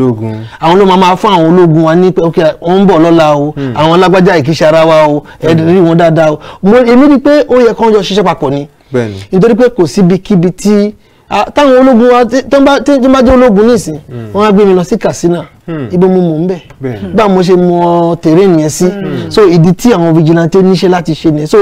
àwọn ló máa fún àwọn ológun wa ní pé ok wọn ń bọ̀ lọ́la o hmm. àwọn alágbájá ìkíṣe ara wa o ẹ̀rí hmm. wọn dáadáa o èmi rí pé ó yẹ kó wọn jọ ṣiṣẹ́ papọ̀ ni nítorí pé kò síbi kíbi tí táwọn ológun wa tí wọ́n bá jẹ́ ológun nísìn hmm. wọ́n á gbé mi lọ sí Katsina hmm. ibi mo mọ̀ ń bẹ̀ bá mo ṣe mọ tèrè nìyẹn sí hmm. so ìdí tí àwọn vigilante níṣẹ́ láti ṣe nìyẹn so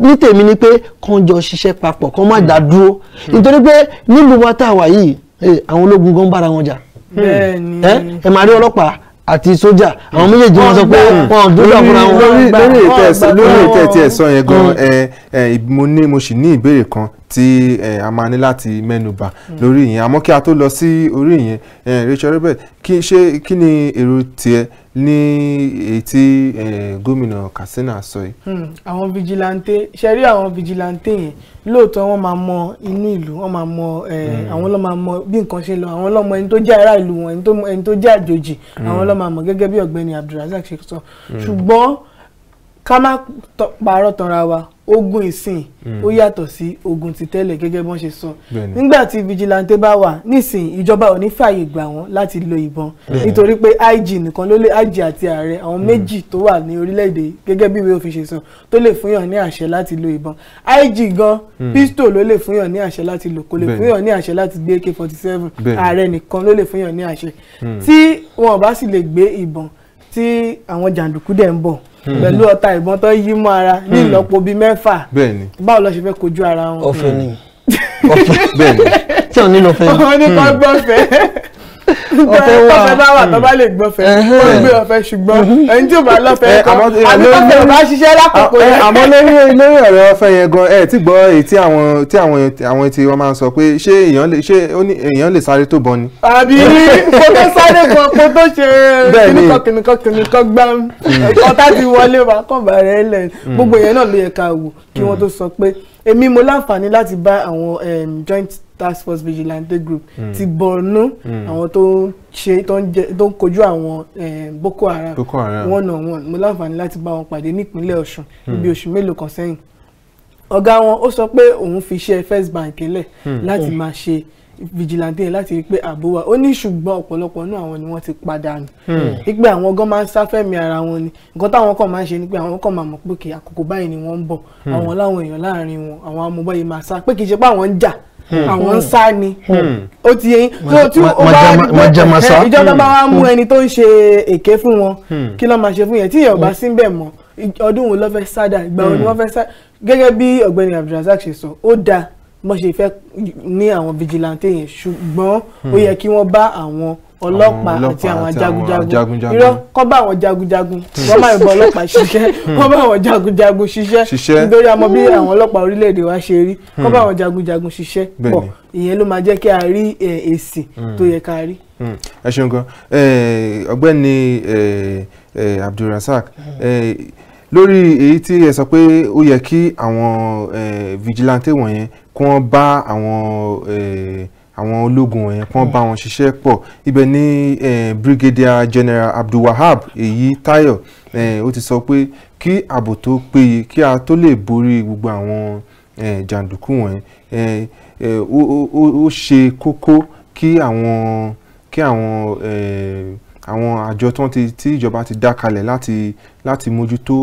ní tèmi ni pé kàn jọ ṣiṣẹ́ papọ̀ kàn má dá dúró nítorí pé nílùú wa tá a wà yìí eh, àwọn ológun gan bára wọn jà ẹ eh, ẹ máa rí ọlọ́pàá àti sójà àwọn méjèèjì wọn sọ pé wọn ò dúró fúnra wọn. lórí ìtẹ̀ lórí ìtẹ̀ tí ẹ sọ yẹn gan mm. mo ní mo sì ní ìbéèrè kan tí a máa ní láti mẹ́nubà mm. lórí ìyẹn àmọ́ kí a tó lọ sí orí ìyẹn Rachel Robert kí ṣe kí ni èrò tiẹ̀ ní etí eh, gómìnà Katsina sọ yìí. Hmm, àwọn vigilante ṣe rí àwọn vigilante yẹn lóòótọ́ wọ́n máa mọ inú ìlú wọ́n máa mọ eh, hmm. àwọn ló máa mọ bí nǹkan ṣe lọ àwọn ló mọ ẹni tó jẹ́ ará ìlú wọn ẹni tó jẹ́ àjòjì hmm. àwọn ló máa mọ gẹ́gẹ́ bí ọ̀gbẹ́ni Abdulrasaq ṣe sọ ṣùgbọ́n ká má parọ́ tanra wa ogun ìsìn hmm. ó yàtọ̀ sí ogun ti tẹ́lẹ̀ gẹ́gẹ́ bọ́n ṣe sọ nígbà tí vigilante bá wà nísìn ìjọba ò ní fààyè gbà wọ́n láti lo ìbọn nítorí pé IG nìkan ló lè IG àti ààrẹ àwọn hmm. méjì tó wà ní orílẹ̀-èdè gẹ́gẹ́ bí ìwé òfin ṣe sọ tó lè fúnyàn ní àṣẹ láti lo ìbọn IG gan hmm. pistol ló lè fúnyàn ní àṣẹ láti lò kò lè fúnyàn ní àṣẹ láti gbé AK47 ààrẹ nìkan ló lè fúnyàn ní àṣẹ tí wọn ò bá sì lè gbé ìbọn tí àwọn jàǹdùkú dẹ̀ ń bọ̀ Hmm. pẹ̀lú ọta ìbọn tó yí mọ́ ara ní hmm. ìlọ́po bíi mẹ́fà báwo lọ ṣe fẹ́ kojú ara wọn. ọ̀fẹ́ ni bẹ́ẹ̀ ni tí ò ní lọ fẹ́. ọmọ nípa gbọ́fẹ́ tọ́fẹ́ bá wà tọ́ bá lè gbọ́fẹ́ ó gbé ọ̀fẹ́ ṣùgbọ́n ẹni tí ò bá lọ́fẹ́ kọ́ àbí tọ́fẹ́ ò bá ṣiṣẹ́ lákòókò yẹn. àmọ́ lórí lórí ọ̀rọ̀ ọ̀fẹ́ yẹn gan ẹ ti gbọ́ èyí tí àwọn tí àwọn àwọn tí wọ́n máa ń sọ pé ṣé èèyàn lè ṣé èèyàn lè sáré tó bọ́ni. àbí kó tó sáré kan kó tó ṣe kìnnìkan kìnnìkan kìnnìkan gbám hmm. ọ̀tá ti wọlé wa kọ̀ọ̀bà rẹ̀ lẹ̀ hmm. gbogbo yẹn náà ló yẹ ká wò kí wọ́n hmm. tó sọ pé èmi mo láǹfààní láti bá àwọn joint task force vigilante group mm. ti Borno hmm. àwọn tó ń ṣe tó ń kojú àwọn eh, Boko Haram Boko Haram one on one mo láǹfààní láti bá wọn pàdé nípínlẹ̀ Ọ̀ṣun hmm. níbi oṣù mélòó kan sẹ́yìn ọ̀gá wọn ó sọ pé òun fi iṣẹ́ First Bank lẹ̀ hmm. láti máa ṣe vigilante yẹn láti rí pé ààbò wà ó ní ṣùgbọ́n ọ̀pọ̀lọpọ̀ náà àwọn ni wọ́n ti padànù wípé àwọn gan máa ń sáfẹ́mi ara wọn ni nǹkan táwọn kàn máa ń ṣe ni pé àwọn kàn máa mọ̀ pé àkókò báyìí ni wọ́n ń bọ̀ àwọn láwọn èèyàn láàrin wọn àwọn amúbọ́yé máa sá pé kì í ṣe pé àwọn ń jà Hmm. àwọn ń sá ni hmm. ó ti yẹ yín tí ó bá rí eh, ìjọba bá wá mú hmm. ẹni tó ń ṣe èké fún wọn kí ló máa ṣe fún yẹn tí ìyọ̀bá sí bẹ̀ mọ́ ọdún wo ló fẹ́ sádà ìgbà wo ni wọ́n fẹ́ sá gẹ́gẹ́ bí ọ̀gbẹ́ni Abdulrasaq ṣe sọ ó dáa mo ṣe fẹ́ ní àwọn vigilante yẹn ṣùgbọ́n ó yẹ kí wọ́n bá àwọn ọlọ́pàá àti àwọn jagunjagun irọ́ kọ́ bá àwọn jagunjagun wọ́n máa yọ̀bọ̀ ọlọ́pàá ṣiṣẹ́ kọ́ hmm. bá àwọn jagunjagun ṣiṣẹ́ nítorí àmọ́ bí hmm. àwọn ọlọ́pàá orílẹ̀-èdè wa ṣe rí kọ́ bá hmm. àwọn jagunjagun ṣiṣẹ́ pọ̀ ìyẹn ló máa jẹ́ kí a rí èsì tó yẹ ká rí. ẹ ṣeun gan ọ̀gbẹ́ni Abdulrasaq lórí èyí tí ẹ sọ pé ó yẹ kí àwọn vigilante wọ̀nyẹn kí wọ́n bá àwọn àwọn ológun wọ̀nyẹn kàn bá wọn ṣiṣẹ́ pọ̀ ibẹ̀ ni brigadier general Abdul Wahab, èyí tayo ó ti sọ pé kí ààbò tó péye kí a tó lè borí gbogbo àwọn jàǹdùkú wọ̀nyẹn ó ṣe kókó kí àwọn kí àwọn àwọn àjọ tán ti tí ìjọba ti dá kalẹ̀ láti láti mójútó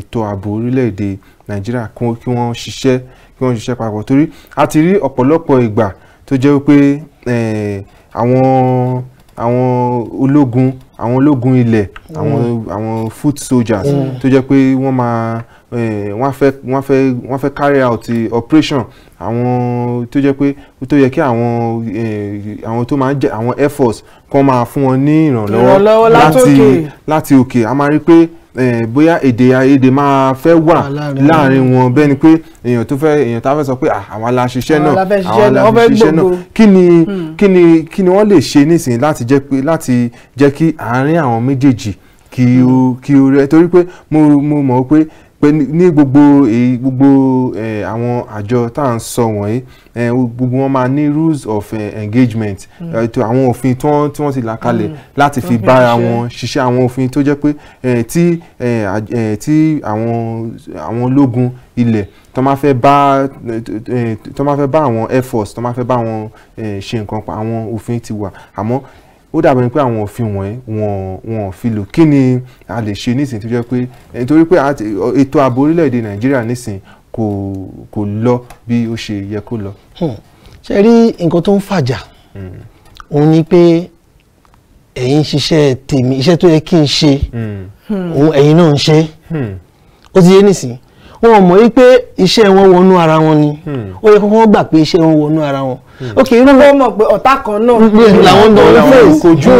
ètò ààbò orílẹ̀-èdè nàìjíríà kí wọ́n ṣiṣẹ́ kí wọ́n ṣiṣẹ́ papọ̀ torí a ti rí ọ̀pọ̀lọpọ̀ ìgbà tó jẹ́ wípé àwọn àwọn ológun àwọn ológun ilẹ̀ àwọn mm. àwọn foot soldiers mm. tó jẹ́ pé wọ́n máa wọ́n fẹ́ wọ́n fẹ́ wọ́n fẹ́ carry out operation àwọn tó jẹ́ pé tó yẹ kí àwọn àwọn tó máa ń jẹ́ àwọn air force kan máa fún wọn ní ìrànlọ́wọ́ láti láti òkè a máa rí pé bóyá èdè àìyedè máa fẹ́ wà láàrin wọn bẹ́ẹ̀ ni pé èèyàn tó fẹ́ èèyàn tá a fẹ́ sọ pé ah, àwọn aláṣiṣẹ́ náà àwọn aláṣiṣẹ́ náà kí ni hmm. kí ni kí ni wọ́n lè ṣe nísìnyí láti jẹ́ pé láti jẹ́ kí àárín àwọn méjèèjì kí o hmm. kí o rẹ torí pé mo mo mọ̀ pé pé ní gbogbo èyí gbogbo àwọn àjọ tá à ń sọ wọ̀nyí gbogbo wọn máa ní rules of engagement ètò mm. àwọn òfin tí wọ́n ti là kalẹ̀ mm. láti fi bára wọn ṣiṣẹ́ àwọn òfin tó jẹ́ pé tí tí àwọn àwọn ológun ilẹ̀ tó máa fẹ́ bá tó máa fẹ́ bá àwọn air force tó máa fẹ́ bá wọn ṣe nǹkan pa àwọn òfin ti wà àmọ́ ó dàbọ̀ ni pé àwọn òfin wọ̀nyí wọn wọn fi lò kí ni a lè ṣe nísìnyí tó jẹ́ pé nítorí eh, pé ètò ààbò orílẹ̀-èdè nàìjíríà nísìnyí kò kò lọ bí ó ṣe yẹ kó lọ. Hmm. ṣe rí nǹkan tó ń fàjà hmm. òun ni pé ẹ̀yin ṣiṣẹ́ tèmi iṣẹ́ tó yẹ kí n ṣe hmm. òun ẹ̀yin náà ń ṣe ó ti yé nísìnyí wọn mọ̀ wípé iṣẹ́ wọn wọnú ara wọn ni ó yẹ kó wọ́n gbà pé iṣẹ́ wọn wọnú ara wọn Hmm. ok irú wọn mọ̀ pé ọ̀tá kan náà mm-hmm. làwọn náà ló fẹ́ ìkojú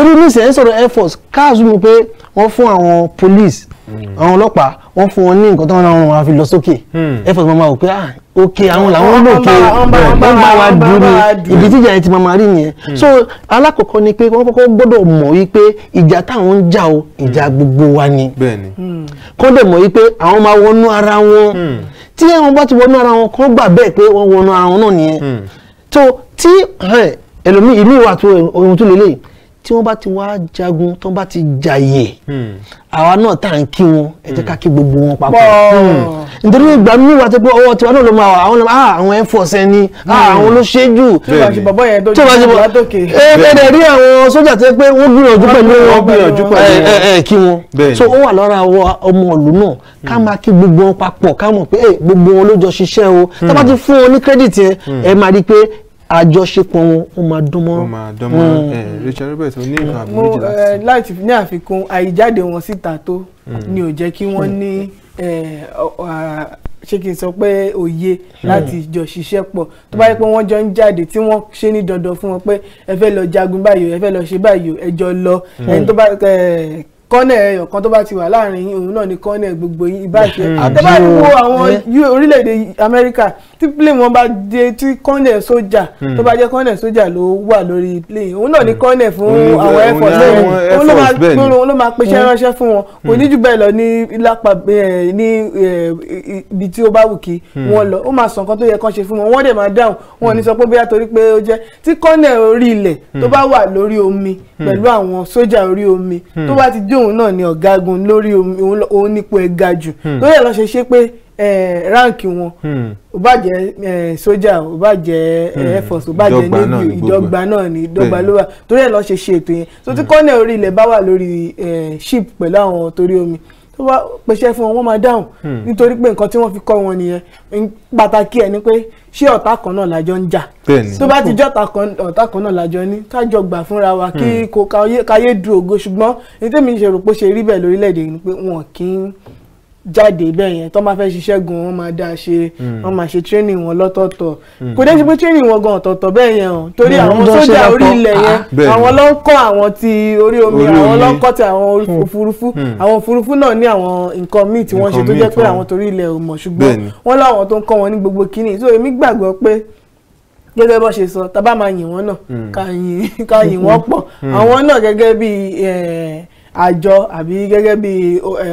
irú nísìnyí ẹ̀ ń sọ̀rọ̀ air force káàzù mi pé wọ́n fún àwọn police hmm. àwọn ọlọ́pàá wọ́n fún wọn ní nǹkan tó wọn náà wọn fi lọ sókè hmm. air force máa wò pé ah ok àwọn làwọn ń lòkè wọ́n bá wa dúró ibi tíjà yẹn ti máa rí nìyẹn so alákọ̀ọ́kọ́ ni pé wọ́n kọ́kọ́ gbọ́dọ̀ mọ̀ wípé ìjà táwọn ń jà o ìjà gbogbo wa ni kọ́ dẹ̀ mọ̀ wípé àwọn máa wọnú ara wọn tí àwọn bá ti wọnú ara wọn kọ́ gbà bẹ́ẹ̀ pé wọ́n wọnú ara wọn náà nìyẹn tó tí eh, ẹlòmíì ìmí ìwà tó ohun tó lélẹ́yìí tí wọ́n bá ti wá jagun tí wọ́n bá ti jàyè hmm. àwa náà tá à ń kí wọn ẹ jẹ́ ká hmm. kí gbogbo wọn papọ̀ hmm. nítorí ìgbà mi wà tó pé ọwọ́ tiwa náà ló máa wà àwọn ah, àwọn ẹ̀ ń fọ̀sẹ̀ ni ah, àwọn olóṣèlú tó bá ṣe bàbá yẹn dọ́jú ẹ ẹ rí àwọn sójà tó pé wọ́n gbìyànjú pẹ̀lú wọn ẹ ẹ kí wọn so ó wà lọ́ra ọmọ ìlú náà ká máa kí gbogbo wọn papọ̀ ká mọ̀ pé gbogbo wọn ló jọ ṣiṣẹ́ o tá bá ti fún wọn ní kírẹ́dìtì yẹn ẹ máa rí i pé àjọṣepọ̀ wọn ó máa dún mọ́. ó máa dán mọ́ hmm. eh, Rachel Roberts ó ní nǹkan hmm. àbí méjì láti. Eh, láti ní àfikún àìjáde wọn síta tó ni hmm. ò jẹ́ kí wọ́n ní eh, ṣé kí n sọ pé òye láti jọ ṣiṣẹ́ pọ̀ tó bá yẹ pé wọ́n jọ ń jáde tí wọ́n ṣe ní dandan fún wọn pé ẹ fẹ́ lọ jagun báyìí ẹ fẹ́ lọ ṣe báyìí ẹ jọ lọ ẹni tó bá kọ́nẹ̀ ẹyọ kan tó bá ti wà láàrin òun náà ni kọ́nẹ̀ gbogbo yín ìbáṣe tẹ́ bá wo àwọn orílẹ̀-èdè Amẹ́ríkà tí plane wọn bá dé tí kọ́nẹ̀ sójà tó hmm. bá jẹ́ kọ́nẹ̀ sójà ló wà lórí plane òun náà ní kọ́nẹ̀ hmm. fún hmm. àwọn air force bẹ́ẹ̀ ni òun ló máa gbóòrò òun ló máa pèsè ránṣẹ́ fún wọn kò ní jù bẹ́ẹ̀ lọ ní lápá ní ibi tí ó bá wù kí wọ́n lọ ó máa sàn kan tó yẹ kán ṣe fún wọn wọ́n dẹ̀ máa dáhùn wọn ní sọ pé bóyá torí pé ó jẹ́ tí kọ́nẹ̀ orí ilẹ̀ tó bá wà lórí omi pẹ̀lú àwọn sójà orí omi tó bá ti dé òun náà ní ọ̀gágun lórí omi òun nípò ẹ̀ ga jù lórí ẹ̀ lọ́ ṣe ṣe pé Eh, ránkì wọn hmm. ó bá jẹ́ eh, sójà ó bá jẹ́ hmm. air force ó bá jẹ́ navy ìdọ́gba náà ni ìdọ́gba ló wà torí ẹ̀ lọ́ọ́ ṣe ṣe ètò yẹn tó tí hmm. kọ́nẹ̀ orí ilẹ̀ bá wà lórí eh, ship pẹ̀lú àwọn torí omi tó bá pèsè fún wọn wọ́n máa dáhùn nítorí pé nǹkan tí wọ́n fi kọ́ wọn nìyẹn pàtàkì ẹ̀ ni pé ṣé ọ̀tá kan náà lájọ ń jà tó bá ti jọ́ ọ̀tá kan náà lájọ ní kájọ gbà fúnra wa kí kò káyé du ṣùgbọ́n ní tèmi ṣe rò pé ṣe rí bẹ́ẹ̀ lórílẹ̀‐èdè ni pé wọn kì í jáde bẹ́ẹ̀ yẹn tó máa fẹ́ ṣiṣẹ́ gan wọ́n máa dáa ṣe hmm. wọ́n máa ṣe training wọn lọ́tọ̀ọ̀tọ̀ hmm. kò dé sí training wọn gan ọ̀tọ̀ọ̀tọ̀ bẹ́ẹ̀ yẹn o torí hmm. àwọn sójà orí ilẹ̀ ah, yẹn àwọn ló ń kọ́ àwọn ti orí omi àwọn ló ń kọ́ ti àwọn òfurufú àwọn òfurufú náà ní àwọn nǹkan míì tí wọ́n ṣe tó jẹ́ pé àwọn torí ilẹ̀ ò mọ̀ ṣùgbọ́n wọ́n láwọn tó ń kọ́ wọn ní gbogbo kíní so èmi gbàgbọ́ pé gẹ́gẹ́ bó ṣe sọ tá bá máa yìn wọ́n náà ká yìn wọ́n pọ̀ àwọn náà gẹ́gẹ́ bíi eh, àjọ àbí gẹ́gẹ́ bí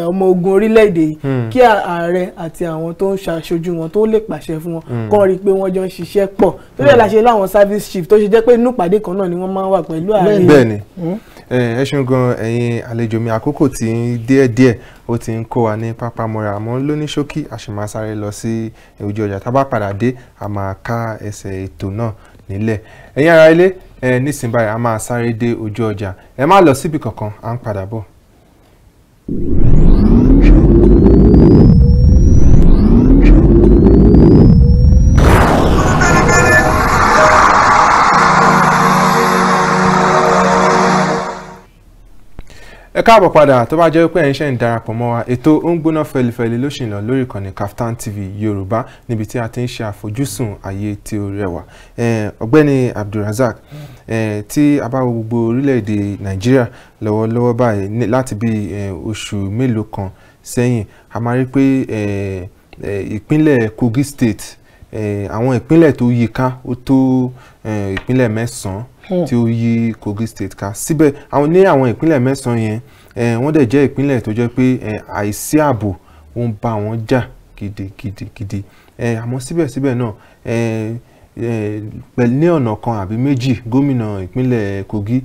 ọmọ ogun orílẹ̀-èdè yìí hmm. kí ààrẹ àti àwọn tó ń ṣàṣojú wọn tó lè pàṣẹ fún wọn hmm. kàn rí i pé wọ́n jọ ń ṣiṣẹ́ pọ̀ tó yẹ la hmm. ṣe láwọn service chief tó ṣe jẹ́ pé inú ìpàdé kan náà ni wọ́n máa ń wà pẹ̀lú ààrẹ. bẹ́ẹ̀ni ẹ ṣeun gan ẹ̀yin àlejò mi àkókò tí ń díẹ̀ díẹ̀ ó ti ń kó wa ní pápámọ́ra àmọ́ lóní ṣókí àṣemáṣáré lọ sí ojú ọjà tá padà dé a ká ẹsẹ̀ ètò náà nílẹ̀ ẹ̀yin ará ilé ẹ nísìnyí báyìí a máa sáré dé ojú ọjà ẹ má lọ síbi kankan à ń ẹ káàbọ̀ padà tó bá jẹ́ pé ẹ̀ ń ṣe ń darapọ̀ mọ́ wa ètò ó ń gbóná fẹlifẹli ló ṣì lórí ìkànnì Kaftan TV Yorùbá níbi tí a ti ń ṣe àfojúsùn ayé tí ó rẹwà ọ̀gbẹ́ni Abdulrasaq tí a bá wo gbogbo orílẹ̀-èdè Nàìjíríà lọ́wọ́lọ́wọ́ báyìí láti bí oṣù mélòó kan sẹ́yìn a máa rí pé ìpínlẹ̀ Kogi State àwọn ìpínlẹ̀ tó yíká ó tó ìpínlẹ̀ mẹ́sàn-án Hm. tí ó yí Kogi state ká síbẹ̀ àwọn ní àwọn ìpínlẹ̀ mẹ́sàn-án yẹn wọ́n dẹ̀ jẹ́ ìpínlẹ̀ tó jẹ́ pé àìsí ààbò ó ń bá wọn jà gidigidigidi àmọ́ síbẹ̀síbẹ̀ náà pẹ̀lú ní ọ̀nà kan àbí méjì gómìnà ìpínlẹ̀ Kogi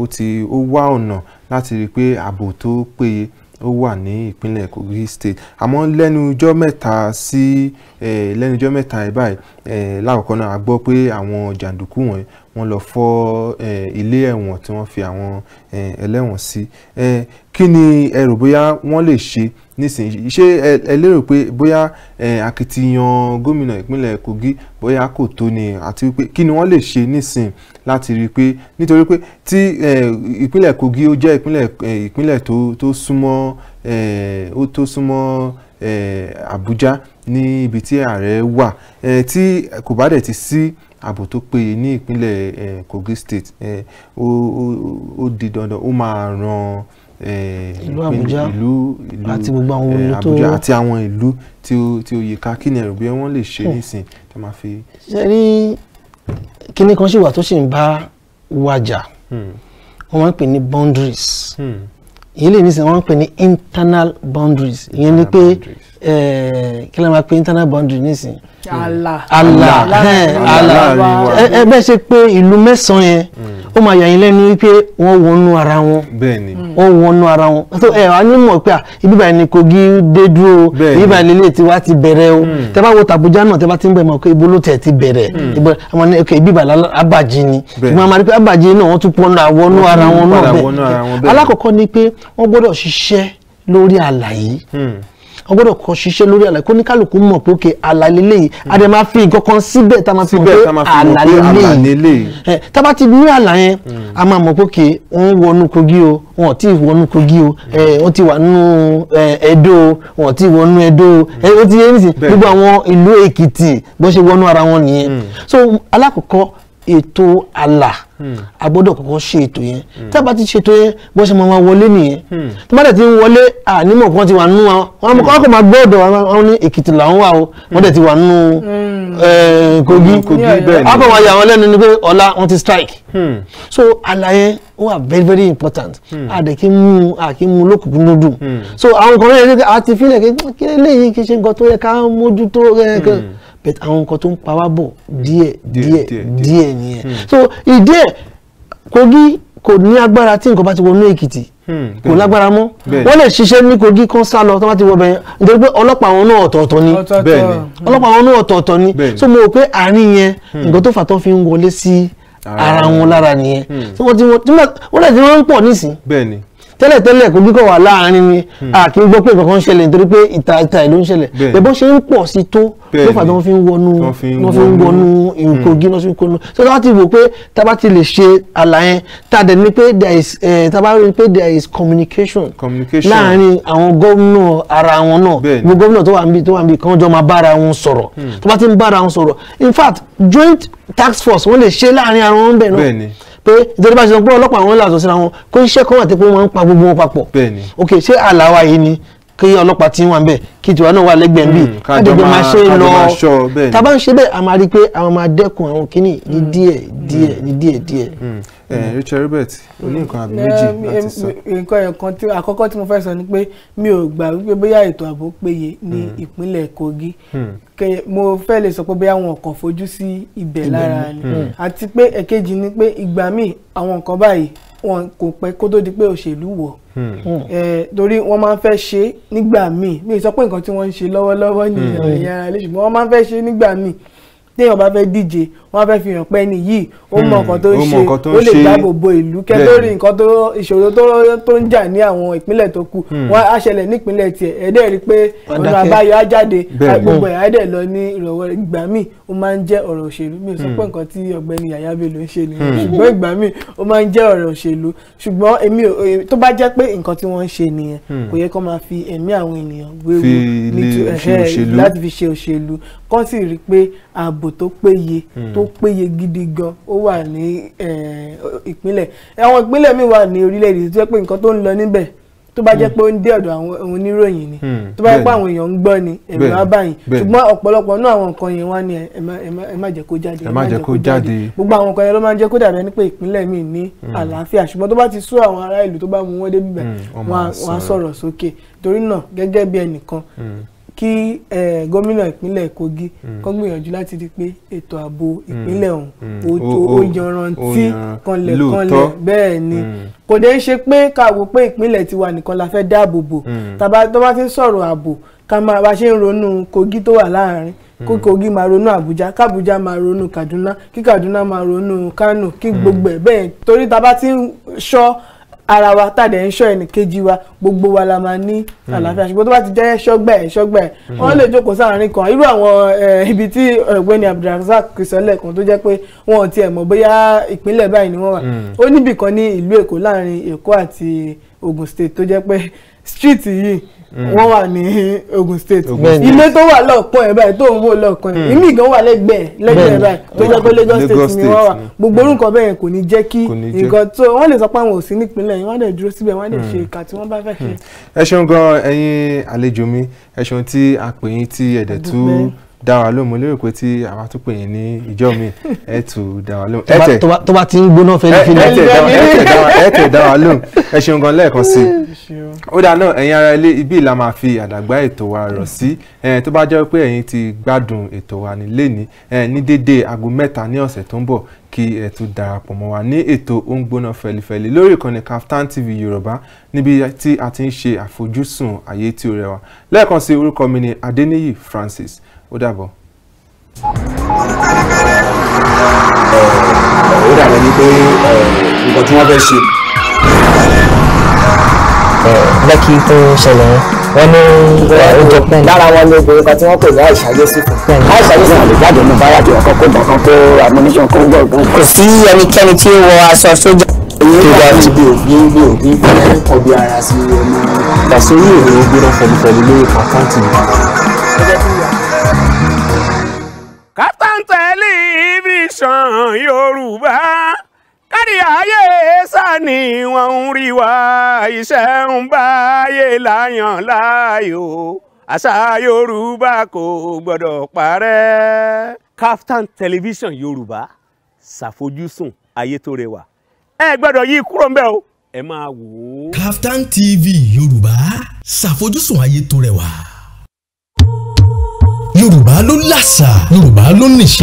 ó ti ó wá ọ̀nà láti rí i pé ààbò tó péye ó wà ní ìpínlẹ̀ Kogi state àmọ́ lẹ́nu ọjọ́ mẹ́ta sí lẹ́nu ọjọ́ mẹ́ta ẹ̀ báyìí lákòókò náà a gbọ́ pé àwọn jàǹdùkú wọ̀nyí wọ́n lọ fọ́ ilé ẹ̀wọ̀n tí wọ́n fi àwọn ẹlẹ́wọ̀n sí kí ni ẹ rò bóyá wọ́n lè ṣe nísìnyí ṣé ẹ lérò pé bóyá akitiyan gómìnà ìpínlẹ̀ Kogi bóyá kò tó ni àti wípé kí ni wọ́n lè ṣe nísìn láti rí i pé nítorí pé tí ìpínlẹ̀ Kogi ó jẹ́ ìpínlẹ̀ tó súnmọ́ ó tó súnmọ́ Àbújá ní ibi tí ààrẹ wà tí kò bá dẹ̀ ti sí ààbò tó péye ní ìpínlẹ̀ Kogi state ó di dandan ó máa ran ìlú Àbújá àti gbogbo àwọn ìlú tó Àbújá àti àwọn ìlú tí ó yíká kí ni ẹ̀rù bí wọ́n lè ṣe hmm. nísìn tó máa fi. ṣe rí kíní kan ṣì wà tó ṣì ń bá wájà hmm. wọ́n máa ń pè ní boundaries. Hmm èyí lè ní sìn wọ́n pè ní internal boundaries ìyẹn ni pé eh, kí ló máa pe internal boundary nísìn. Allah Allah Allah ẹ eh, eh, bẹ́ẹ̀ ṣe pé ìlú mẹ́sàn-án yẹn. Hmm ó máa yà yín lẹ́nu wípé wọ́n wọnú ara wọn wọ́n wọnú ara wọn so ẹ wà ní mọ̀ pé à ibi báyìí ni Kogi dé dúró ibi báyìí lélẹ̀ tí wàá ti bẹ̀rẹ̀ o hmm. tẹ bá wo tàbújá náà tẹ ti ń bẹ̀ mọ̀ pé ibo ló tẹ̀ ti bẹ̀rẹ̀ àwọn hmm. ní ibi báyìí abàjì ni ìgbọ́n àmàlí pé abàjì náà wọ́n tún pọ́nlá wọnú ara wọn náà bẹ́ẹ̀ alákọ̀ọ́kọ́ ni pé wọ́n gbọ́dọ̀ ṣiṣẹ́ lórí àlàyé wọ́n gbọ́dọ̀ kọ́ ṣiṣẹ́ lórí àlàyé kó ní kálukú mọ̀ pé òkè àlàyé léyìí hmm. a dẹ̀ máa fi nǹkan kan síbẹ̀ tá a máa fi mọ̀ pé àlàyé léyìí tá a bá ti ní àlàyé hmm. a máa mọ̀ pé òkè wọ́n wọnú kogi o wọn ò wọnú kogi o wọ́n hmm. ti wà nínú Ẹdó o wọn ò wọnú Ẹdó o ó ti yé nísìnyí gbogbo àwọn ìlú Èkìtì bó ṣe wọnú ara wọn nìyẹn so alákọ̀ọ́kọ́ ètò àlà hmm. a gbọ́dọ̀ kọ́kọ́ ṣe ètò yẹn hmm. tá a bá ti ṣètò yẹn bó ṣe máa wọlé nìyẹn hmm. tó bá dẹ̀ ti ń wọlé ànímọ̀ kan ti wà nínú wọn wọn kọ́ máa gbé ọ̀dọ̀ wọn ní èkìtì làwọn wà o wọn dẹ̀ ti wà nínú kogi akọ̀ wọn yà wọn lẹ́nu ni pé ọ̀la wọn ti strike so àlà yẹn wà very very important a dẹ̀ kí mú a kí mú lókùnkùn so àwọn kan lóye a ti fílẹ̀ kí lè léyìí kí ṣe nǹkan tó yẹ ká mójútó but àwọn nǹkan tó ń pa wá bọ̀ díẹ̀ díẹ̀ díẹ̀ nìyẹn hmm. so ìdí ẹ̀ Kogi kò ní agbára tí nǹkan bá ti wọnú Èkìtì hmm, kò lágbára mọ́ wọ́n lè ṣiṣẹ́ ní Kogi kan sá lọ tó bá ti wọ bẹ̀yẹn nítorí pé ọlọ́pàá àwọn náà ọ̀tọ̀ọ̀tọ̀ ni hmm. ọlọ́pàá àwọn náà ọ̀tọ̀ọ̀tọ̀ ni so mo rò pé àárín yẹn nǹkan tó fà fi ń wọlé sí ara wọn lára nìyẹn tí wọ́n ti wọ́n lè ti wọ́n ń pọ̀ nísìn tẹ́lẹ̀tẹ́lẹ̀ kojú kan wà láàrin ni hmm. a kì í gbọ́ pé kankan ṣẹlẹ̀ nítorí pé ìta ìta ìlú ń ṣẹlẹ̀ ẹ̀bọ́ ṣe ń pọ̀ sí tó ló fà tí wọ́n fi ń wọnú hmm. wọ́n fi ń wọnú Kogi lọ́sí kónú so tá a ti wò pé tá a bá ti lè ṣe àlàyé tá a dẹ̀ ní pé there is tá a bá rí pé there is communication láàrin àwọn gómìnà ara wọn náà gbogbo gómìnà tó wà níbi tó wà níbi kan jọ máa bára wọn sọ̀rọ̀ hmm. tó bá ti ń bára wọn sọ̀rọ̀ in fact joint task force wọ́n lè ṣe láàrin ara wọn bẹ́ẹ̀ náà pé ìtòrí bá ṣe sọ pé ọlọ́pàá àwọn ń làásọ síra wọn kó iṣẹ́ kan wà tí pé wọ́n máa ń pa gbogbo wọn papọ̀ ok ṣé àlàwà yìí ni kí ọlọ́pàá tí wọ́n bẹ̀ kí tiwa náà wà lẹ́gbẹ̀ẹ́ bíi hmm, kájọba máa ṣe lọ tá a bá ń ṣe bẹ́ẹ̀ a máa rí i pé àwọn máa dẹ́kun àwọn kínní ní hmm. díẹ̀ hmm. díẹ̀ ní díẹ̀ díẹ̀. Eh, Richard Robert o ní nǹkan àbí eh, méjì láti sọ. nǹkan ẹ̀kan tí àkọ́kọ́ tí mo fẹ́ sọ ni pé mi ò gbà wípé bóyá ètò ààbò péye ní ìpínlẹ̀ Kogi mo fẹ́ lè sọ pé bóyá wọn kàn fojú sí ibẹ̀ lára ni àti pé èkejì ni pé ìgbà míì àwọn nǹkan báyìí wọn kò pẹ́ kó tó di pé òṣèlú wọ̀ hmm. Hmm. torí wọ́n máa ń fẹ́ ṣe nígbà míì mi sọ pé nǹkan tí wọ́n ń ṣe lọ́wọ́lọ́wọ́ nìyẹn ìyára lé ṣùgbọ́n wọ́n máa ń fẹ́ ṣe nígbà míì téèyàn bá fẹ́ díje wọ́n fẹ́ fi hàn pé ẹni yìí ó mọ hmm, nǹkan tó ń ṣe ó lè dáàbò bo ìlú kẹ lórí nǹkan tó ìṣòro tó ń jà ní àwọn ìpínlẹ̀ tó kù hmm. wọ́n á ṣẹlẹ̀ nípínlẹ̀ tiẹ̀ ẹ̀dẹ́ rí pé ọ̀nà àbáyọ á jáde gbogbo ẹ̀ ẹ̀dẹ́ lọ ní ìrọ̀wọ́ ìgbà míì ó máa ń jẹ́ ọ̀rọ̀ òṣèlú mi ò sọ hmm. pé nǹkan tí ọ̀gbẹ́ni Yàyà Bello ń ṣe nìyẹn ṣùgbọ́n ìgbà míì ó máa ń jẹ́ ọ̀rọ̀ òṣèlú ṣùgbọ́n èmi tó bá jẹ́ pé nǹkan tí wọ́n ń ṣe nìyẹn kò yẹ kó máa fi ẹ̀mí àwọn ènìyàn wéwu láti fi ṣe òṣèlú kó sì rí pé ààbò tó péye tó péye gidi gan ó wà ní ìpínlẹ̀ àwọn ìpínlẹ̀ míì wà ní orílẹ̀-èdè tó jẹ́ pé nǹkan tó ń lọ níbẹ̀ tó bá jẹ́ hmm. pé ó ń dé ọ̀dọ̀ àwọn oníròyìn ni hmm. tó bá jẹ́ pé àwọn èèyàn ń gbọ́ ni ẹ̀mí wá báyìí ṣùgbọ́n ọ̀pọ̀lọpọ̀ náà àwọn nǹkan yẹn wá ní ẹ má jẹ́ kó jáde ẹ má jẹ́ kó jáde gbogbo àwọn nǹkan yẹn ló máa ń jẹ́ kó dàbẹ́ ni pé ìpínlẹ̀ mi ní hmm. àlàáfíà ṣùgbọ́n tó bá ti sú àwọn ará ìlú tó bá mú wọn dé bíbẹ̀ wọn á sọ̀rọ̀ sókè torí náà gẹ́gẹ́ bí ẹnìkan kí gómìnà ìpínlẹ̀ Kogi hmm. kó gbìyànjú láti rí pé ètò ààbò hmm. ìpínlẹ̀ ọ̀hún hmm. ó yanrantí kanlẹ̀kanlẹ̀ bẹ́ẹ̀ ni kò dé ṣe pé ká wò pé ìpínlẹ̀ tiwa nìkan la fẹ́ dáàbò bò tàbá tó bá ti ń sọ̀rọ̀ ààbò ká máa bá ṣe ń ronú Kogi tó wà láàárín kó Kogi máa ronú Àbújá k'Àbújá máa ronú Kaduna kí Kaduna máa ronú Kano kí gbogbo ẹ̀ bẹ́ẹ̀ torí tá ti ń ṣọ́ ara wa tàdé ń ṣọ́ ẹnìkejì wa gbogbo wa la máa ní hmm. àlàáfíà ṣùgbọ́n tó bá ti jẹ́ ṣọ́gbà ẹ̀ ṣọ́gbà ẹ̀ hmm. wọ́n lè jókòó sáàárín kan irú àwọn eh, ibi tí ọ̀gbẹ́ni Abdulrasaq kìsọ́lẹ̀ kan tó jẹ́ pé wọn ò tiẹ̀ mọ̀ bóyá ìpínlẹ̀ báyìí ni wọ́n wà hmm. ó níbì kan ní ìlú Èkó láàrin Èkó àti Ògùn state tó jẹ́ pé street yìí Mm. wọ́n wà ní Ogun State ilé tó wà lọ́ọ̀kan ẹ̀ báyìí tó ń wò lọ́ọ̀kan ẹ̀ mm. ìmí gan wà lẹ́gbẹ̀ẹ́ lẹ́gbẹ̀ẹ́ báyìí tó jẹ́ pé Lagos State ni wọ́n wà mm. gbogbo orúkọ bẹ́ẹ̀ kò ní jẹ́ kí nǹkan tó wọ́n lè sọ pé àwọn ò sí nípínlẹ̀ yìí wọ́n dẹ̀ dúró síbẹ̀ wọ́n dẹ̀ ṣe ìka tí wọ́n bá fẹ́ ṣe. ẹ ṣeun gan ẹ̀yin àlejò mi ẹ ṣeun tí a pè yín tí ẹ̀dẹ̀ tún dá wa lóhùn mo lérò pé tí àwa tún pè yín ní ìjọ mi ẹ tù dá wa lóhùn. ẹtẹ tó bá ti ń gbóná fẹlifẹlẹ. ẹtẹ dá wa lóhùn ẹ ṣeun gan lẹ́ẹ̀kan sí i. ó dáa náà ẹ̀yin ará ilé ibi la máa fi àdàgbà ètò wa rọ̀ sí tó bá jẹ́ pé ẹ̀yin ti gbádùn ètò wa ní lẹ́ni ní déédéé aago mẹ́ta ní ọ̀sẹ̀ tó ń bọ̀ kí ẹ tún darapọ̀ mọ́ wa ní ètò ó ń gbóná fẹlifẹli lórí ìkànnì Kaftan TV Yorùbá níbi tí a ti ń ṣe àfojúsùn ayé tí ó rẹwà lẹ́ẹ̀kan sí orúkọ mi ni Adéníyì Francis ó dàbọ̀. ó dàbọ̀ ni pé eh, nǹkan tí wọ́n fẹ́ ṣe. lẹ́kì eh, tó ṣẹlẹ̀ wọ́n ní oúnjẹ eh, pẹ́ lára wọn ni obìnrin kan tí wọ́n pè ní àìsà yéṣu fún. àìsà yéṣu àlè jáde náà báyà jù ọkọ kó bọ̀kan kó amúníṣàn kó gbọ̀ngàn. kò sí ẹnikẹ́ni tí ó wọ aṣọ sójà tó bá ti bí òbí bí òbí ń fẹ́ kọbi ara sí ọmọ ìgbàsórí èrè gbéra fẹlifẹli lórí pàkáǹtì. Kaftan Television Yorùbá kárí ayé sani wọn ń rí wa iṣẹ́ ń bá ayé láyàn láàyò àṣà Yorùbá kò gbọ́dọ̀ parẹ́. Kaftan Television Yorùbá ṣàfojúsùn ayé tó rẹwà ẹ gbọ́dọ̀ yí kúrò ń o ẹ máa wò ó. Kaftan TV Yorùbá ṣàfojúsùn ayé tó rẹwà. Yorùbá ló làṣà Yorùbá ló níṣe.